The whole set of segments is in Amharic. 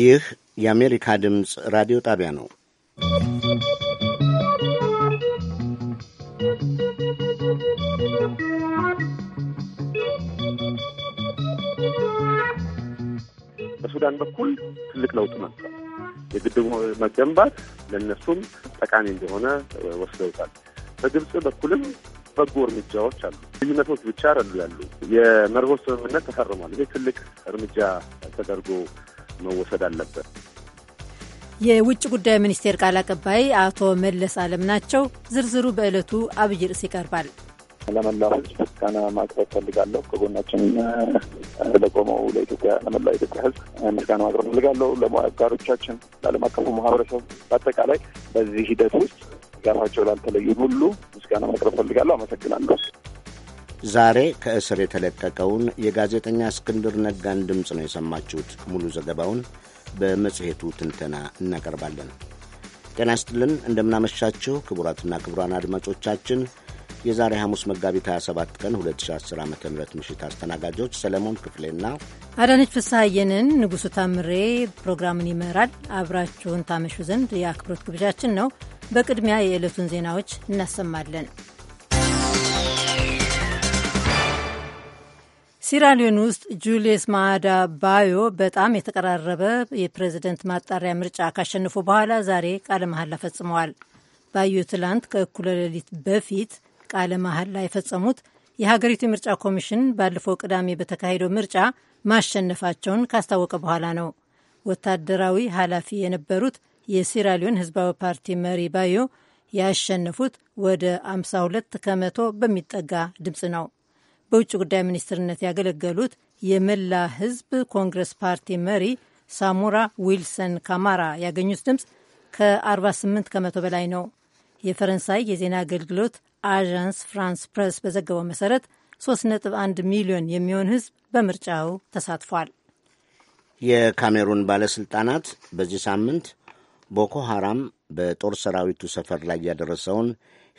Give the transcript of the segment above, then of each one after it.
ይህ የአሜሪካ ድምፅ ራዲዮ ጣቢያ ነው። በሱዳን በኩል ትልቅ ለውጥ መጥቷል። የግድቡ መገንባት ለእነሱም ጠቃሚ እንደሆነ ወስደውታል። በግብፅ በኩልም በጎ እርምጃዎች አሉ። ልዩነቶች ብቻ አይደሉ ያሉ የመርሆ ስምምነት ተፈርሟል። ይህ ትልቅ እርምጃ ተደርጎ መወሰድ አለበት። የውጭ ጉዳይ ሚኒስቴር ቃል አቀባይ አቶ መለስ አለም ናቸው። ዝርዝሩ በዕለቱ አብይ ርዕስ ይቀርባል። ለመላው ሕዝብ ምስጋና ማቅረብ ፈልጋለሁ። ከጎናችን ለቆመው ለኢትዮጵያ ለመላው ኢትዮጵያ ሕዝብ ምስጋና ማቅረብ ፈልጋለሁ። ለሙያ ለዓለም አቀፉ ማህበረሰብ በአጠቃላይ በዚህ ሂደት ውስጥ ጋፋቸው ላልተለዩ ሁሉ ምስጋና ማቅረብ ፈልጋለሁ። አመሰግናለሁ። ዛሬ ከእስር የተለቀቀውን የጋዜጠኛ እስክንድር ነጋን ድምፅ ነው የሰማችሁት። ሙሉ ዘገባውን በመጽሔቱ ትንተና እናቀርባለን። ጤና ይስጥልን፣ እንደምናመሻችሁ ክቡራትና ክቡራን አድማጮቻችን የዛሬ ሐሙስ መጋቢት 27 ቀን 2010 ዓ ም ምሽት አስተናጋጆች ሰለሞን ክፍሌና አዳነች ፍስሐየንን። ንጉሡ ታምሬ ፕሮግራምን ይመራል። አብራችሁን ታመሹ ዘንድ የአክብሮት ግብዣችን ነው። በቅድሚያ የዕለቱን ዜናዎች እናሰማለን። ሲራሊዮን ውስጥ ጁልየስ ማዳ ባዮ በጣም የተቀራረበ የፕሬዝደንት ማጣሪያ ምርጫ ካሸነፉ በኋላ ዛሬ ቃለ መሐላ ፈጽመዋል። ባዮ ትላንት ከእኩለ ሌሊት በፊት ቃለ መሐላ የፈጸሙት የሀገሪቱ የምርጫ ኮሚሽን ባለፈው ቅዳሜ በተካሄደው ምርጫ ማሸነፋቸውን ካስታወቀ በኋላ ነው። ወታደራዊ ኃላፊ የነበሩት የሲራሊዮን ህዝባዊ ፓርቲ መሪ ባዮ ያሸነፉት ወደ 52 ከመቶ በሚጠጋ ድምፅ ነው። በውጭ ጉዳይ ሚኒስትርነት ያገለገሉት የመላ ህዝብ ኮንግረስ ፓርቲ መሪ ሳሙራ ዊልሰን ካማራ ያገኙት ድምፅ ከ48 ከመቶ በላይ ነው። የፈረንሳይ የዜና አገልግሎት አዣንስ ፍራንስ ፕረስ በዘገበው መሰረት 3.1 ሚሊዮን የሚሆን ህዝብ በምርጫው ተሳትፏል። የካሜሩን ባለሥልጣናት በዚህ ሳምንት ቦኮ ሐራም በጦር ሰራዊቱ ሰፈር ላይ ያደረሰውን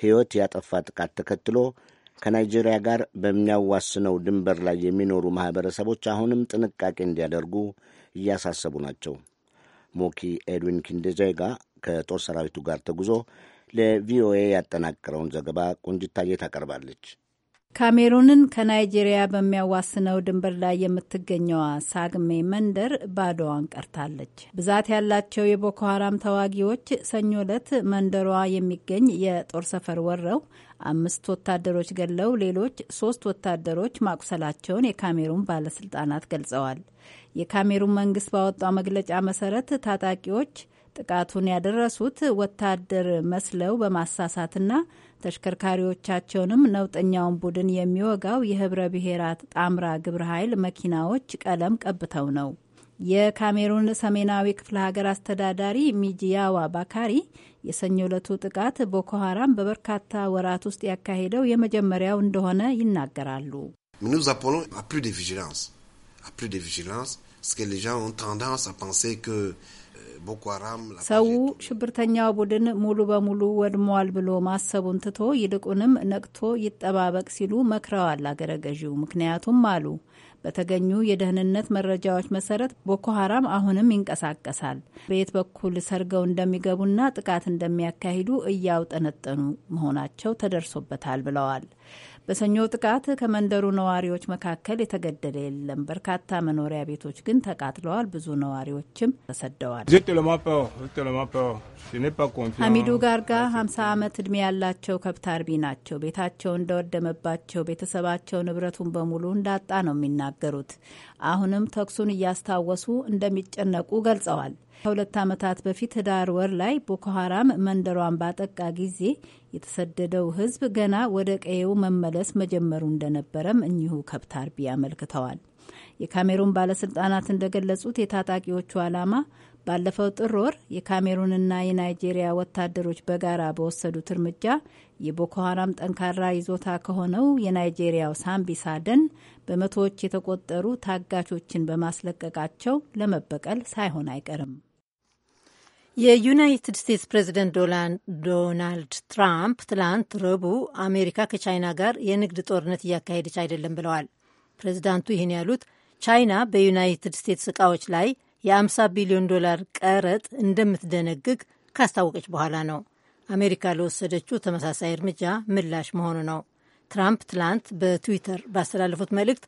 ሕይወት ያጠፋ ጥቃት ተከትሎ ከናይጄሪያ ጋር በሚያዋስነው ድንበር ላይ የሚኖሩ ማኅበረሰቦች አሁንም ጥንቃቄ እንዲያደርጉ እያሳሰቡ ናቸው። ሞኪ ኤድዊን ኪንደጃጋ ከጦር ሰራዊቱ ጋር ተጉዞ ለቪኦኤ ያጠናቀረውን ዘገባ ቁንጅታየ ታቀርባለች። ካሜሩንን ከናይጄሪያ በሚያዋስነው ድንበር ላይ የምትገኘዋ ሳግሜ መንደር ባዶዋን ቀርታለች። ብዛት ያላቸው የቦኮ ሀራም ተዋጊዎች ሰኞ ዕለት መንደሯ የሚገኝ የጦር ሰፈር ወረው አምስት ወታደሮች ገለው ሌሎች ሶስት ወታደሮች ማቁሰላቸውን የካሜሩን ባለስልጣናት ገልጸዋል። የካሜሩን መንግስት ባወጣው መግለጫ መሰረት ታጣቂዎች ጥቃቱን ያደረሱት ወታደር መስለው በማሳሳትና ተሽከርካሪዎቻቸውንም ነውጠኛውን ቡድን የሚወጋው የህብረ ብሔራት ጣምራ ግብረ ኃይል መኪናዎች ቀለም ቀብተው ነው። የካሜሩን ሰሜናዊ ክፍለ ሀገር አስተዳዳሪ ሚጂያዋ ባካሪ የሰኞ ዕለቱ ጥቃት ቦኮ ሀራም በበርካታ ወራት ውስጥ ያካሄደው የመጀመሪያው እንደሆነ ይናገራሉ። nous appelons à plus de vigilance, à ሰው ሽብርተኛው ቡድን ሙሉ በሙሉ ወድሟል ብሎ ማሰቡን ትቶ ይልቁንም ነቅቶ ይጠባበቅ ሲሉ መክረዋል አገረ ገዢው። ምክንያቱም አሉ በተገኙ የደህንነት መረጃዎች መሰረት ቦኮ ሀራም አሁንም ይንቀሳቀሳል። በየት በኩል ሰርገው እንደሚገቡና ጥቃት እንደሚያካሂዱ እያውጠነጠኑ መሆናቸው ተደርሶበታል ብለዋል። በሰኞ ጥቃት ከመንደሩ ነዋሪዎች መካከል የተገደለ የለም። በርካታ መኖሪያ ቤቶች ግን ተቃጥለዋል። ብዙ ነዋሪዎችም ተሰደዋል። ሀሚዱ ጋርጋ 50 ዓመት ዕድሜ ያላቸው ከብት አርቢ ናቸው። ቤታቸው እንደወደመባቸው ቤተሰባቸው ንብረቱን በሙሉ እንዳጣ ነው የሚናገሩት። አሁንም ተኩሱን እያስታወሱ እንደሚጨነቁ ገልጸዋል። ከሁለት ዓመታት በፊት ህዳር ወር ላይ ቦኮ ሀራም መንደሯን ባጠቃ ጊዜ የተሰደደው ህዝብ ገና ወደ ቀየው መመለስ መጀመሩ እንደነበረም እኚሁ ከብት አርቢ አመልክተዋል። የካሜሩን ባለስልጣናት እንደገለጹት የታጣቂዎቹ ዓላማ ባለፈው ጥር ወር የካሜሩንና የናይጄሪያ ወታደሮች በጋራ በወሰዱት እርምጃ የቦኮ ሀራም ጠንካራ ይዞታ ከሆነው የናይጄሪያው ሳምቢሳ ደን በመቶዎች የተቆጠሩ ታጋቾችን በማስለቀቃቸው ለመበቀል ሳይሆን አይቀርም። የዩናይትድ ስቴትስ ፕሬዚደንት ዶናልድ ትራምፕ ትላንት ረቡዕ አሜሪካ ከቻይና ጋር የንግድ ጦርነት እያካሄደች አይደለም ብለዋል። ፕሬዚዳንቱ ይህን ያሉት ቻይና በዩናይትድ ስቴትስ እቃዎች ላይ የ50 ቢሊዮን ዶላር ቀረጥ እንደምትደነግግ ካስታወቀች በኋላ ነው። አሜሪካ ለወሰደችው ተመሳሳይ እርምጃ ምላሽ መሆኑ ነው። ትራምፕ ትላንት በትዊተር ባስተላለፉት መልእክት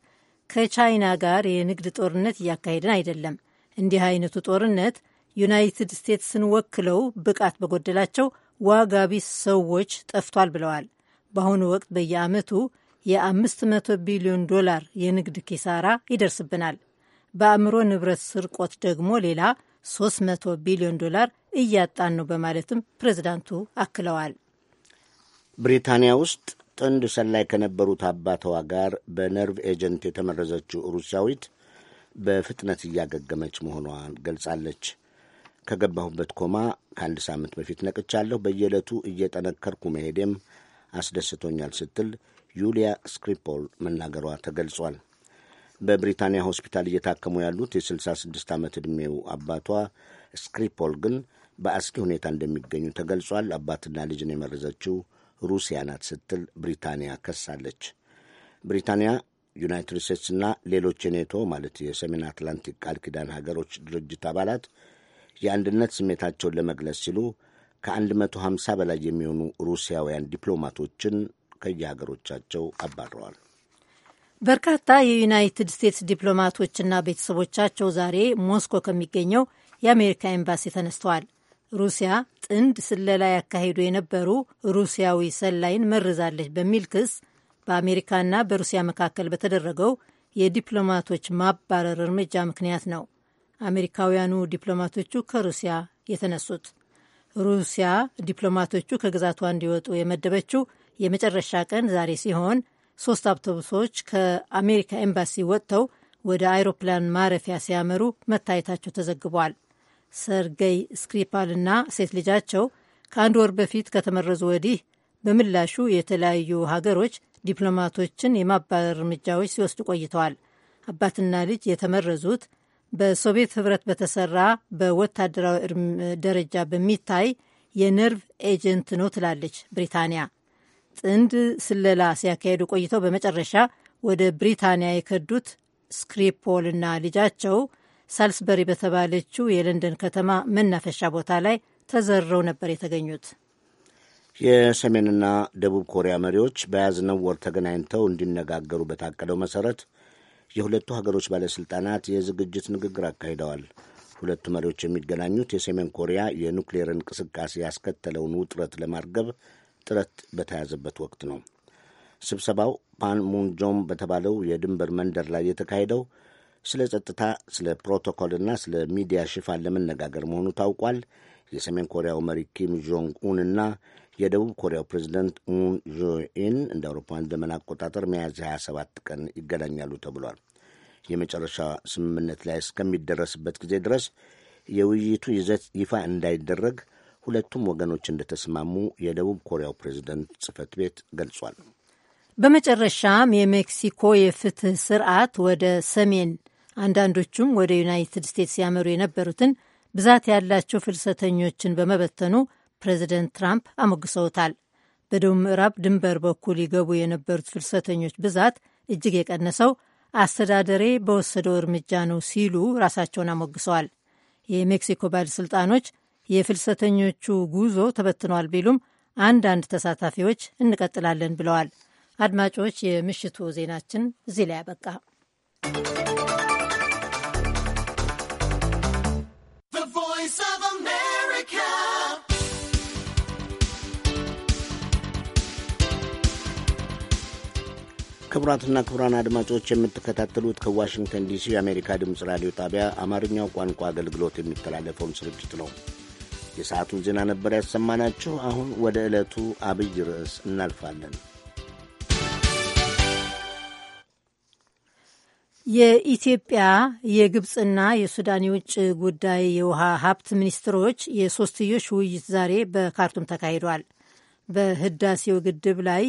ከቻይና ጋር የንግድ ጦርነት እያካሄድን አይደለም፣ እንዲህ አይነቱ ጦርነት ዩናይትድ ስቴትስን ወክለው ብቃት በጎደላቸው ዋጋ ሰዎች ጠፍቷል ብለዋል። በአሁኑ ወቅት በየዓመቱ የ500 ቢሊዮን ዶላር የንግድ ኪሳራ ይደርስብናል። በአእምሮ ንብረት ስርቆት ደግሞ ሌላ 300 ቢሊዮን ዶላር እያጣን ነው በማለትም ፕሬዚዳንቱ አክለዋል። ብሪታንያ ውስጥ ጥንድ ሰላይ ከነበሩት አባተዋ ጋር በነርቭ ኤጀንት የተመረዘችው ሩሲያዊት በፍጥነት እያገገመች መሆኗን ገልጻለች። ከገባሁበት ኮማ ከአንድ ሳምንት በፊት ነቅቻለሁ። በየዕለቱ እየጠነከርኩ መሄዴም አስደስቶኛል ስትል ዩሊያ ስክሪፖል መናገሯ ተገልጿል። በብሪታንያ ሆስፒታል እየታከሙ ያሉት የ66 ዓመት ዕድሜው አባቷ ስክሪፖል ግን በአስጊ ሁኔታ እንደሚገኙ ተገልጿል። አባትና ልጅን የመረዘችው ሩሲያ ናት ስትል ብሪታንያ ከሳለች። ብሪታንያ ዩናይትድ ስቴትስና ሌሎች የኔቶ ማለት የሰሜን አትላንቲክ ቃል ኪዳን ሀገሮች ድርጅት አባላት የአንድነት ስሜታቸውን ለመግለጽ ሲሉ ከ150 በላይ የሚሆኑ ሩሲያውያን ዲፕሎማቶችን ከየሀገሮቻቸው አባረዋል። በርካታ የዩናይትድ ስቴትስ ዲፕሎማቶችና ቤተሰቦቻቸው ዛሬ ሞስኮ ከሚገኘው የአሜሪካ ኤምባሲ ተነስተዋል። ሩሲያ ጥንድ ስለላ ያካሄዱ የነበሩ ሩሲያዊ ሰላይን መርዛለች በሚል ክስ በአሜሪካና በሩሲያ መካከል በተደረገው የዲፕሎማቶች ማባረር እርምጃ ምክንያት ነው አሜሪካውያኑ ዲፕሎማቶቹ ከሩሲያ የተነሱት። ሩሲያ ዲፕሎማቶቹ ከግዛቷ እንዲወጡ የመደበችው የመጨረሻ ቀን ዛሬ ሲሆን ሶስት አውቶቡሶች ከአሜሪካ ኤምባሲ ወጥተው ወደ አይሮፕላን ማረፊያ ሲያመሩ መታየታቸው ተዘግቧል። ሰርገይ ስክሪፓልና ሴት ልጃቸው ከአንድ ወር በፊት ከተመረዙ ወዲህ በምላሹ የተለያዩ ሀገሮች ዲፕሎማቶችን የማባረር እርምጃዎች ሲወስዱ ቆይተዋል። አባትና ልጅ የተመረዙት በሶቪየት ህብረት በተሰራ በወታደራዊ ደረጃ በሚታይ የነርቭ ኤጀንት ነው ትላለች ብሪታንያ። ጥንድ ስለላ ሲያካሄዱ ቆይተው በመጨረሻ ወደ ብሪታንያ የከዱት ስክሪፖልና ልጃቸው ሳልስበሪ በተባለችው የለንደን ከተማ መናፈሻ ቦታ ላይ ተዘርረው ነበር የተገኙት። የሰሜንና ደቡብ ኮሪያ መሪዎች በያዝነው ወር ተገናኝተው እንዲነጋገሩ በታቀደው መሰረት የሁለቱ ሀገሮች ባለሥልጣናት የዝግጅት ንግግር አካሂደዋል። ሁለቱ መሪዎች የሚገናኙት የሰሜን ኮሪያ የኑክሌር እንቅስቃሴ ያስከተለውን ውጥረት ለማርገብ ጥረት በተያዘበት ወቅት ነው። ስብሰባው ሙንጆም በተባለው የድንበር መንደር ላይ የተካሄደው ስለ ጸጥታ፣ ስለ ፕሮቶኮልና ስለ ሚዲያ ሽፋን ለመነጋገር መሆኑ ታውቋል። የሰሜን ኮሪያው መሪ ኪም ጆንግ ኡን እና የደቡብ ኮሪያው ፕሬዚደንት ሙን ጆኢን እንደ አውሮፓውያን ዘመን አቆጣጠር ሚያዝያ 27 ቀን ይገናኛሉ ተብሏል። የመጨረሻ ስምምነት ላይ እስከሚደረስበት ጊዜ ድረስ የውይይቱ ይዘት ይፋ እንዳይደረግ ሁለቱም ወገኖች እንደተስማሙ የደቡብ ኮሪያው ፕሬዚደንት ጽህፈት ቤት ገልጿል። በመጨረሻም የሜክሲኮ የፍትህ ስርዓት ወደ ሰሜን አንዳንዶቹም ወደ ዩናይትድ ስቴትስ ያመሩ የነበሩትን ብዛት ያላቸው ፍልሰተኞችን በመበተኑ ፕሬዚደንት ትራምፕ አሞግሰውታል። በደቡብ ምዕራብ ድንበር በኩል ይገቡ የነበሩት ፍልሰተኞች ብዛት እጅግ የቀነሰው አስተዳደሬ በወሰደው እርምጃ ነው ሲሉ ራሳቸውን አሞግሰዋል። የሜክሲኮ ባለሥልጣኖች የፍልሰተኞቹ ጉዞ ተበትኗል ቢሉም አንዳንድ ተሳታፊዎች እንቀጥላለን ብለዋል። አድማጮች፣ የምሽቱ ዜናችን እዚህ ላይ ያበቃ። ክቡራትና ክቡራን አድማጮች የምትከታተሉት ከዋሽንግተን ዲሲ የአሜሪካ ድምፅ ራዲዮ ጣቢያ አማርኛው ቋንቋ አገልግሎት የሚተላለፈውን ስርጭት ነው። የሰዓቱን ዜና ነበር ያሰማናችሁ። አሁን ወደ ዕለቱ አብይ ርዕስ እናልፋለን። የኢትዮጵያ የግብፅና የሱዳን የውጭ ጉዳይ የውሃ ሀብት ሚኒስትሮች የሶስትዮሽ ውይይት ዛሬ በካርቱም ተካሂዷል። በህዳሴው ግድብ ላይ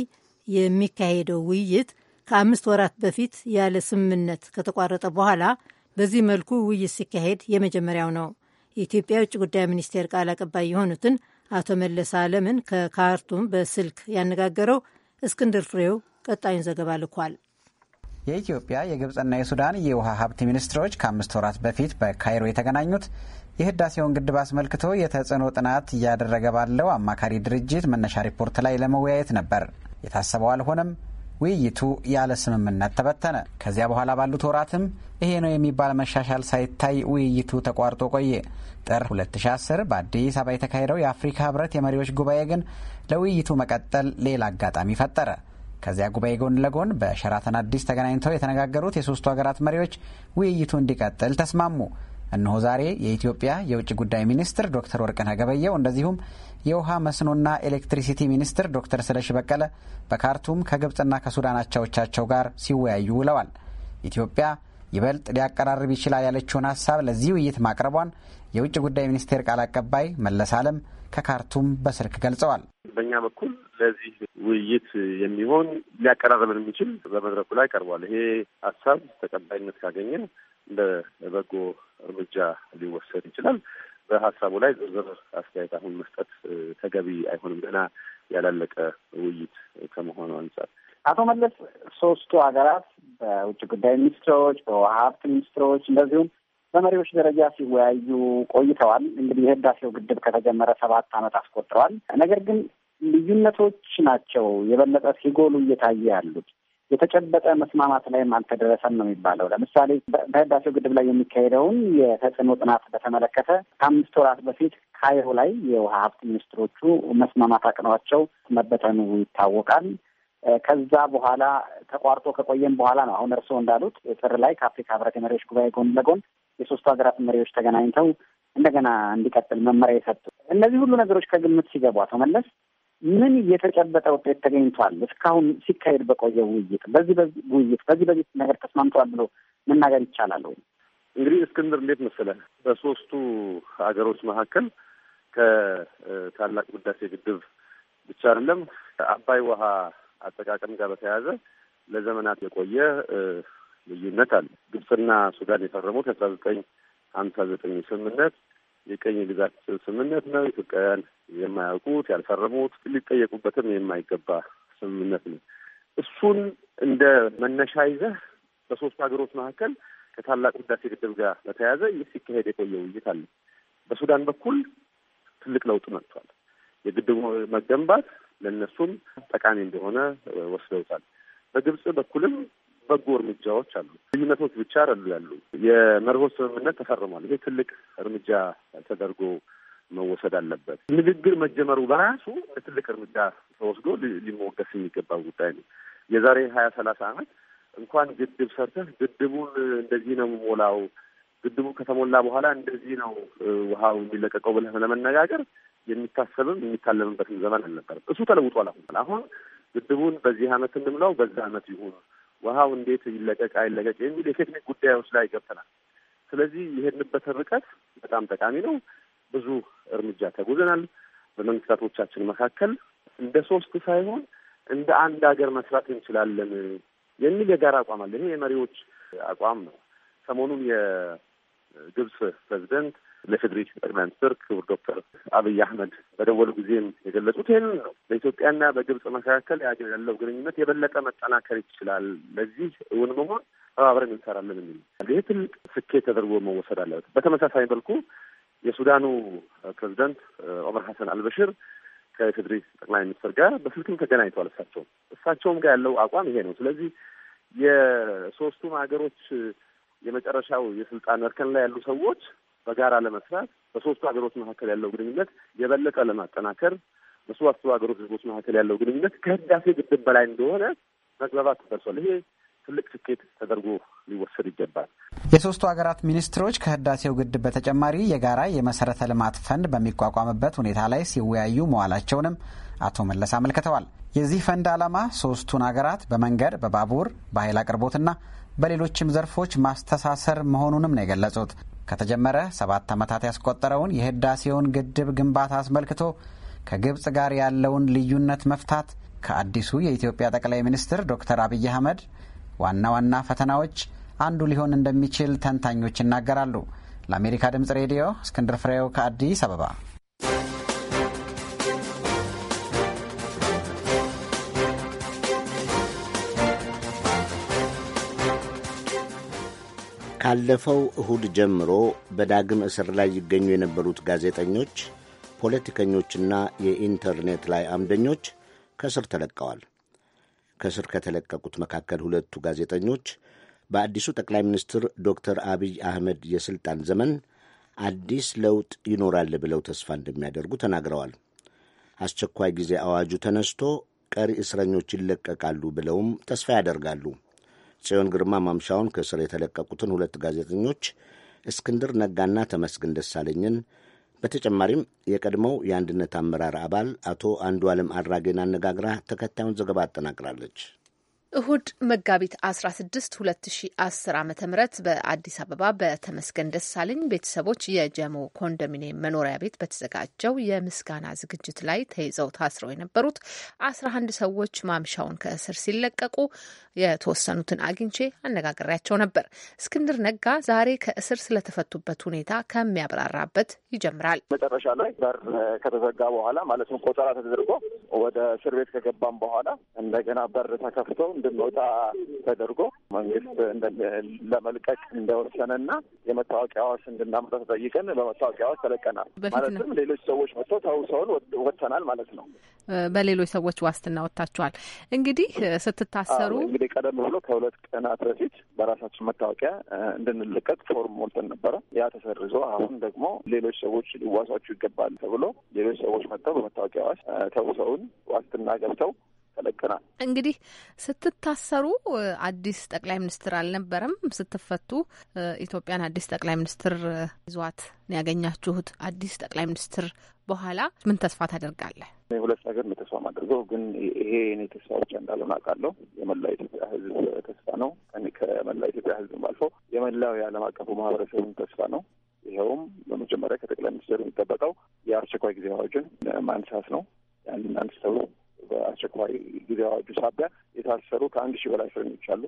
የሚካሄደው ውይይት ከአምስት ወራት በፊት ያለ ስምምነት ከተቋረጠ በኋላ በዚህ መልኩ ውይይት ሲካሄድ የመጀመሪያው ነው። የኢትዮጵያ የውጭ ጉዳይ ሚኒስቴር ቃል አቀባይ የሆኑትን አቶ መለስ አለምን ከካርቱም በስልክ ያነጋገረው እስክንድር ፍሬው ቀጣዩን ዘገባ ልኳል። የኢትዮጵያ የግብፅና የሱዳን የውሃ ሀብት ሚኒስትሮች ከአምስት ወራት በፊት በካይሮ የተገናኙት የህዳሴውን ግድብ አስመልክቶ የተጽዕኖ ጥናት እያደረገ ባለው አማካሪ ድርጅት መነሻ ሪፖርት ላይ ለመወያየት ነበር። የታሰበው አልሆነም። ውይይቱ ያለ ስምምነት ተበተነ። ከዚያ በኋላ ባሉት ወራትም ይሄ ነው የሚባል መሻሻል ሳይታይ ውይይቱ ተቋርጦ ቆየ። ጥር 2010 በአዲስ አበባ የተካሄደው የአፍሪካ ህብረት የመሪዎች ጉባኤ ግን ለውይይቱ መቀጠል ሌላ አጋጣሚ ፈጠረ። ከዚያ ጉባኤ ጎን ለጎን በሸራተን አዲስ ተገናኝተው የተነጋገሩት የሶስቱ ሀገራት መሪዎች ውይይቱ እንዲቀጥል ተስማሙ። እነሆ ዛሬ የኢትዮጵያ የውጭ ጉዳይ ሚኒስትር ዶክተር ወርቅነህ ገበየው እንደዚሁም የውሃ መስኖና ኤሌክትሪሲቲ ሚኒስትር ዶክተር ስለሺ በቀለ በካርቱም ከግብፅና ከሱዳን አቻዎቻቸው ጋር ሲወያዩ ውለዋል። ኢትዮጵያ ይበልጥ ሊያቀራርብ ይችላል ያለችውን ሀሳብ ለዚህ ውይይት ማቅረቧን የውጭ ጉዳይ ሚኒስቴር ቃል አቀባይ መለስ አለም ከካርቱም በስልክ ገልጸዋል። በእኛ በኩል ለዚህ ውይይት የሚሆን ሊያቀራርብን የሚችል በመድረኩ ላይ ቀርቧል። ይሄ ሀሳብ ተቀባይነት ካገኘ እንደ በጎ እርምጃ ሊወሰድ ይችላል። በሀሳቡ ላይ ዝርዝር አስተያየት አሁን መስጠት ተገቢ አይሆንም፣ ገና ያላለቀ ውይይት ከመሆኑ አንጻር። አቶ መለስ ሶስቱ ሀገራት በውጭ ጉዳይ ሚኒስትሮች፣ በውሃ ሀብት ሚኒስትሮች እንደዚሁም በመሪዎች ደረጃ ሲወያዩ ቆይተዋል። እንግዲህ የህዳሴው ግድብ ከተጀመረ ሰባት ዓመት አስቆጥረዋል። ነገር ግን ልዩነቶች ናቸው የበለጠ ሲጎሉ እየታየ ያሉት። የተጨበጠ መስማማት ላይም አልተደረሰም ነው የሚባለው። ለምሳሌ በህዳሴው ግድብ ላይ የሚካሄደውን የተጽዕኖ ጥናት በተመለከተ ከአምስት ወራት በፊት ካይሮ ላይ የውሃ ሀብት ሚኒስትሮቹ መስማማት አቅኗቸው መበተኑ ይታወቃል። ከዛ በኋላ ተቋርጦ ከቆየም በኋላ ነው አሁን እርስዎ እንዳሉት ጥር ላይ ከአፍሪካ ህብረት የመሪዎች ጉባኤ ጎን ለጎን የሶስቱ ሀገራት መሪዎች ተገናኝተው እንደገና እንዲቀጥል መመሪያ የሰጡ እነዚህ ሁሉ ነገሮች ከግምት ሲገቡ አቶ መለስ ምን የተጨበጠ ውጤት ተገኝቷል? እስካሁን ሲካሄድ በቆየ ውይይት በዚህ በዚህ ውይይት በዚህ በዚህ ነገር ተስማምተዋል ብሎ መናገር ይቻላል ወይ? እንግዲህ እስክንድር እንዴት መሰለህ በሶስቱ ሀገሮች መካከል ከታላቅ ህዳሴ ግድብ ብቻ አይደለም ከአባይ ውሃ አጠቃቀም ጋር በተያያዘ ለዘመናት የቆየ ልዩነት አለ። ግብፅና ሱዳን የፈረሙት የአስራ ዘጠኝ ሀምሳ ዘጠኝ ስምምነት የቀኝ ግዛት ስምምነት ነው። ኢትዮጵያውያን የማያውቁት ያልፈረሙት፣ ሊጠየቁበትም የማይገባ ስምምነት ነው። እሱን እንደ መነሻ ይዘህ በሶስቱ ሀገሮች መካከል ከታላቅ ህዳሴ ግድብ ጋር በተያያዘ ሲካሄድ የቆየ ውይይት አለ። በሱዳን በኩል ትልቅ ለውጥ መጥቷል። የግድቡ መገንባት ለእነሱም ጠቃሚ እንደሆነ ወስደውታል። በግብጽ በኩልም በጎ እርምጃዎች አሉ። ልዩነቶች ብቻ አይደሉ ያሉ። የመርሆ ስምምነት ተፈርሟል። ይሄ ትልቅ እርምጃ ተደርጎ መወሰድ አለበት። ንግግር መጀመሩ በራሱ ትልቅ እርምጃ ተወስዶ ሊሞገስ የሚገባ ጉዳይ ነው። የዛሬ ሀያ ሰላሳ አመት እንኳን ግድብ ሰርተህ ግድቡን እንደዚህ ነው ሞላው ግድቡ ከተሞላ በኋላ እንደዚህ ነው ውሃው የሚለቀቀው ብለህ ለመነጋገር የሚታሰብም የሚታለምበትም ዘመን አልነበርም። እሱ ተለውጧል። አሁን አሁን ግድቡን በዚህ አመት እንምለው በዛ አመት ይሁን ውሃው እንዴት ይለቀቅ አይለቀቅ የሚል የቴክኒክ ጉዳዮች ላይ ገብተናል። ስለዚህ የሄድንበትን ርቀት በጣም ጠቃሚ ነው። ብዙ እርምጃ ተጉዘናል። በመንግስታቶቻችን መካከል እንደ ሶስት ሳይሆን እንደ አንድ ሀገር መስራት እንችላለን የሚል የጋራ አቋም አለ። ይሄ የመሪዎች አቋም ነው። ሰሞኑን የግብጽ ፕሬዚደንት ለፌዴሪ ጠቅላይ ሚኒስትር ክቡር ዶክተር አብይ አህመድ በደወሉ ጊዜም የገለጹት ይህን ነው። በኢትዮጵያና በግብጽ መካከል ያለው ግንኙነት የበለጠ መጠናከር ይችላል፣ ለዚህ እውን መሆን አብረን እንሰራለን የሚል ይህ ትልቅ ስኬት ተደርጎ መወሰድ አለበት። በተመሳሳይ መልኩ የሱዳኑ ፕሬዚደንት ኦመር ሀሰን አልበሽር ከኢፌዴሪ ጠቅላይ ሚኒስትር ጋር በስልክም ተገናኝተዋል። እሳቸውም እሳቸውም ጋር ያለው አቋም ይሄ ነው። ስለዚህ የሶስቱም ሀገሮች የመጨረሻው የስልጣን እርከን ላይ ያሉ ሰዎች በጋራ ለመስራት በሶስቱ ሀገሮች መካከል ያለው ግንኙነት የበለጠ ለማጠናከር በሶስቱ ሀገሮች ህዝቦች መካከል ያለው ግንኙነት ከህዳሴ ግድብ በላይ እንደሆነ መግባባት ተደርሷል። ይሄ ትልቅ ስኬት ተደርጎ ሊወሰድ ይገባል። የሶስቱ ሀገራት ሚኒስትሮች ከህዳሴው ግድብ በተጨማሪ የጋራ የመሰረተ ልማት ፈንድ በሚቋቋምበት ሁኔታ ላይ ሲወያዩ መዋላቸውንም አቶ መለስ አመልክተዋል። የዚህ ፈንድ ዓላማ ሶስቱን ሀገራት በመንገድ፣ በባቡር፣ በኃይል አቅርቦትና በሌሎችም ዘርፎች ማስተሳሰር መሆኑንም ነው የገለጹት። ከተጀመረ ሰባት ዓመታት ያስቆጠረውን የህዳሴውን ግድብ ግንባታ አስመልክቶ ከግብፅ ጋር ያለውን ልዩነት መፍታት ከአዲሱ የኢትዮጵያ ጠቅላይ ሚኒስትር ዶክተር አብይ አህመድ ዋና ዋና ፈተናዎች አንዱ ሊሆን እንደሚችል ተንታኞች ይናገራሉ። ለአሜሪካ ድምፅ ሬዲዮ እስክንድር ፍሬው ከአዲስ አበባ ካለፈው እሁድ ጀምሮ በዳግም እስር ላይ ይገኙ የነበሩት ጋዜጠኞች፣ ፖለቲከኞችና የኢንተርኔት ላይ አምደኞች ከእስር ተለቀዋል። ከእስር ከተለቀቁት መካከል ሁለቱ ጋዜጠኞች በአዲሱ ጠቅላይ ሚኒስትር ዶክተር አብይ አህመድ የሥልጣን ዘመን አዲስ ለውጥ ይኖራል ብለው ተስፋ እንደሚያደርጉ ተናግረዋል። አስቸኳይ ጊዜ አዋጁ ተነስቶ ቀሪ እስረኞች ይለቀቃሉ ብለውም ተስፋ ያደርጋሉ። ጽዮን ግርማ ማምሻውን ከእስር የተለቀቁትን ሁለት ጋዜጠኞች እስክንድር ነጋና ተመስገን ደሳለኝን በተጨማሪም የቀድሞው የአንድነት አመራር አባል አቶ አንዱ ዓለም አራጌን አነጋግራ ተከታዩን ዘገባ አጠናቅራለች። እሁድ መጋቢት 16 2010 ዓ ም በአዲስ አበባ በተመስገን ደሳለኝ ቤተሰቦች የጀሞ ኮንዶሚኒየም መኖሪያ ቤት በተዘጋጀው የምስጋና ዝግጅት ላይ ተይዘው ታስረው የነበሩት 11 ሰዎች ማምሻውን ከእስር ሲለቀቁ የተወሰኑትን አግኝቼ አነጋግሬያቸው ነበር። እስክንድር ነጋ ዛሬ ከእስር ስለተፈቱበት ሁኔታ ከሚያብራራበት ይጀምራል። መጨረሻ ላይ በር ከተዘጋ በኋላ ነው፣ ቆጠራ ተደርጎ ወደ እስር ቤት ከገባም በኋላ እንደገና በር ተከፍቶ እንድንወጣ ተደርጎ መንግስት ለመልቀቅ እንደወሰነና የመታወቂያ ዋስ እንድናመጣ ተጠይቀን በመታወቂያ ዋስ ተለቀናል። ማለትም ሌሎች ሰዎች መጥቶ ተውሰውን ወጥተናል ማለት ነው። በሌሎች ሰዎች ዋስትና ወጥታችኋል። እንግዲህ ስትታሰሩ ቀደም ብሎ ከሁለት ቀናት በፊት በራሳችን መታወቂያ እንድንለቀቅ ፎርም ሞልተን ነበረ። ያ ተሰርዞ አሁን ደግሞ ሌሎች ሰዎች ሊዋሷችሁ ይገባል ተብሎ ሌሎች ሰዎች መጥተው በመታወቂያ ዋስ ተውሰውን ዋስትና ገብተው ያስቀለቅናል። እንግዲህ ስትታሰሩ አዲስ ጠቅላይ ሚኒስትር አልነበረም። ስትፈቱ ኢትዮጵያን አዲስ ጠቅላይ ሚኒስትር ይዟት ያገኛችሁት። አዲስ ጠቅላይ ሚኒስትር በኋላ ምን ተስፋ ታደርጋለህ? ሁለት ነገር ነው ተስፋ ማድርገው፣ ግን ይሄ እኔ ተስፋ ብቻ እንዳልሆነ አውቃለሁ። የመላው ኢትዮጵያ ሕዝብ ተስፋ ነው። ከመላው ኢትዮጵያ ሕዝብ አልፎ የመላው የዓለም አቀፉ ማህበረሰቡም ተስፋ ነው። ይኸውም በመጀመሪያ ከጠቅላይ ሚኒስትር የሚጠበቀው የአስቸኳይ ጊዜ አዋጅን ማንሳት ነው። ያንን አንስተው በአስቸኳይ ጊዜ አዋጁ ሳቢያ የታሰሩ ከአንድ ሺህ በላይ እስረኞች አሉ።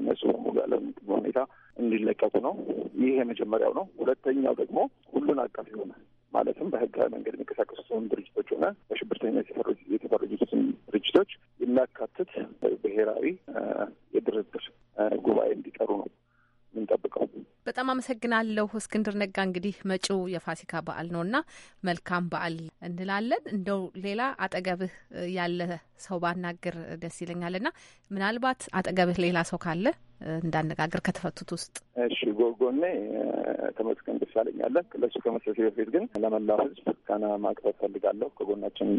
እነሱ በሙሉ ያለምንም ሁኔታ እንዲለቀቁ ነው። ይህ የመጀመሪያው ነው። ሁለተኛው ደግሞ ሁሉን አቀፍ የሆነ ማለትም በህጋዊ መንገድ የሚንቀሳቀሱትን ድርጅቶች ሆነ በሽብርተኝነት የተፈረጁትን ድርጅቶች የሚያካትት ብሔራዊ የድርድር ጉባኤ እንዲጠሩ ነው። የምንጠብቀው። በጣም አመሰግናለሁ እስክንድር ነጋ። እንግዲህ መጪው የፋሲካ በዓል ነው እና መልካም በዓል እንላለን። እንደው ሌላ አጠገብህ ያለ ሰው ባናግር ደስ ይለኛል እና ምናልባት አጠገብህ ሌላ ሰው ካለ እንዳነጋግር ከተፈቱት ውስጥ። እሺ ጎጎኔ ተመስገን ደሳለኝ አለ። ለሱ ከመስረቴ በፊት ግን ለመላው ህዝብ ምስጋና ማቅረብ ፈልጋለሁ። ከጎናችን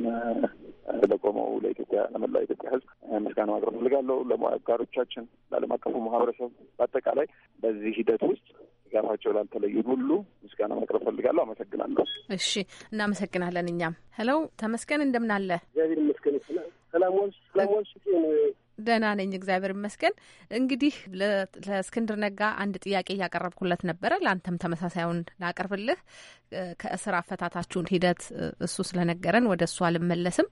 ለቆመው ለኢትዮጵያ ለመላው ኢትዮጵያ ህዝብ ምስጋና ማቅረብ ፈልጋለሁ። ለሙያ አጋሮቻችን፣ ለዓለም አቀፉ ማህበረሰብ በአጠቃላይ በዚህ ሂደት ውስጥ ድጋፋቸው ላልተለዩን ሁሉ ምስጋና ማቅረብ ፈልጋለሁ። አመሰግናለሁ። እሺ እናመሰግናለን። እኛም ሄለው ተመስገን እንደምን አለ? እግዚአብሔር ይመስገን። ሰላም ወንስ ሰላም ወንስ ደህና ነኝ፣ እግዚአብሔር ይመስገን። እንግዲህ ለእስክንድር ነጋ አንድ ጥያቄ እያቀረብኩለት ነበረ። ለአንተም ተመሳሳዩን ላቀርብልህ። ከእስር አፈታታችሁን ሂደት እሱ ስለነገረን ወደ እሱ አልመለስም።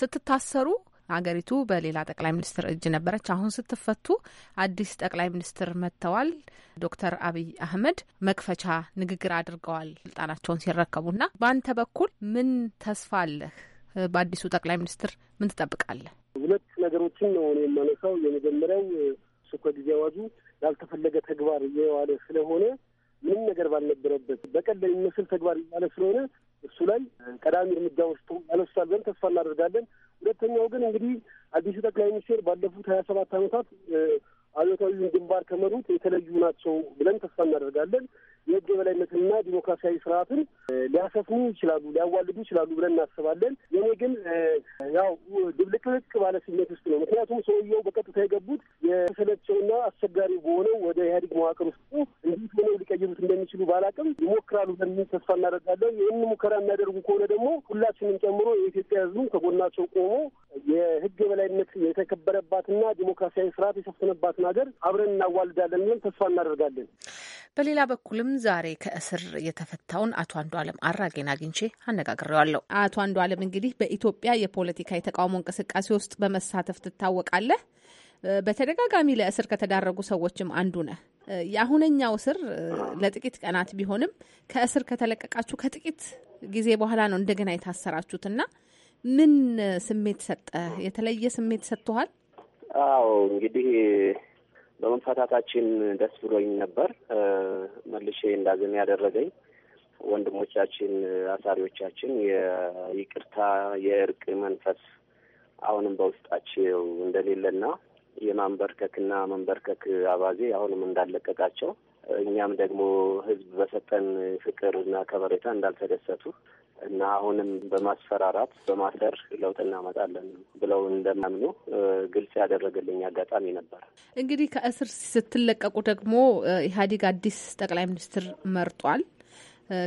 ስትታሰሩ አገሪቱ በሌላ ጠቅላይ ሚኒስትር እጅ ነበረች። አሁን ስትፈቱ አዲስ ጠቅላይ ሚኒስትር መጥተዋል። ዶክተር አብይ አህመድ መክፈቻ ንግግር አድርገዋል ስልጣናቸውን ሲረከቡና፣ በአንተ በኩል ምን ተስፋ አለህ? በአዲሱ ጠቅላይ ሚኒስትር ምን ትጠብቃለህ? ሁለት ነገሮችን ነው እኔ የማነሳው። የመጀመሪያው አስቸኳይ ጊዜ አዋጁ ያልተፈለገ ተግባር እየዋለ ስለሆነ ምንም ነገር ባልነበረበት በቀል የሚመስል ተግባር እያለ ስለሆነ እሱ ላይ ቀዳሚ እርምጃ ወስዶ ያነሱታል ብለን ተስፋ እናደርጋለን። ሁለተኛው ግን እንግዲህ አዲሱ ጠቅላይ ሚኒስቴር ባለፉት ሀያ ሰባት ዓመታት አብዮታዊውን ግንባር ከመሩት የተለዩ ናቸው ብለን ተስፋ እናደርጋለን። የህግ የበላይነትንና ዲሞክራሲያዊ ስርዓትን ሊያሰፍኑ ይችላሉ፣ ሊያዋልዱ ይችላሉ ብለን እናስባለን። የኔ ግን ያው ድብልቅልቅ ባለ ስሜት ውስጥ ነው። ምክንያቱም ሰውየው በቀጥታ የገቡት የሰለቸውና አስቸጋሪ በሆነው ወደ ኢህአዴግ መዋቅር ውስጡ እንዴት ሆነው ሊቀይሩት እንደሚችሉ ባላቅም ይሞክራሉ ብለን ተስፋ እናደርጋለን። ይህን ሙከራ የሚያደርጉ ከሆነ ደግሞ ሁላችንም ጨምሮ የኢትዮጵያ ህዝቡ ከጎናቸው ቆሞ የህግ የበላይነት የተከበረባትና ዲሞክራሲያዊ ስርዓት የሰፈነባትን ሀገር አብረን እናዋልዳለን ብለን ተስፋ እናደርጋለን። በሌላ በኩልም ዛሬ ከእስር የተፈታውን አቶ አንዱ አለም አራጌን አግኝቼ አነጋግሬዋለሁ። አቶ አንዱ አለም እንግዲህ በኢትዮጵያ የፖለቲካ የተቃውሞ እንቅስቃሴ ውስጥ በመሳተፍ ትታወቃለህ። በተደጋጋሚ ለእስር ከተዳረጉ ሰዎችም አንዱ ነህ። የአሁነኛው እስር ለጥቂት ቀናት ቢሆንም ከእስር ከተለቀቃችሁ ከጥቂት ጊዜ በኋላ ነው እንደገና የታሰራችሁትና ምን ስሜት ሰጠ? የተለየ ስሜት ሰጥቶሃል? አዎ እንግዲህ በመፈታታችን ደስ ብሎኝ ነበር። መልሼ እንዳዘን ያደረገኝ ወንድሞቻችን፣ አሳሪዎቻችን የይቅርታ የእርቅ መንፈስ አሁንም በውስጣቸው እንደሌለና የማንበርከክና መንበርከክ አባዜ አሁንም እንዳለቀቃቸው እኛም ደግሞ ህዝብ በሰጠን ፍቅር እና ከበሬታ እንዳልተደሰቱ እና አሁንም በማስፈራራት በማሰር ለውጥ እናመጣለን ብለው እንደማምኑ ግልጽ ያደረገልኝ አጋጣሚ ነበር። እንግዲህ ከእስር ስትለቀቁ ደግሞ ኢህአዴግ አዲስ ጠቅላይ ሚኒስትር መርጧል።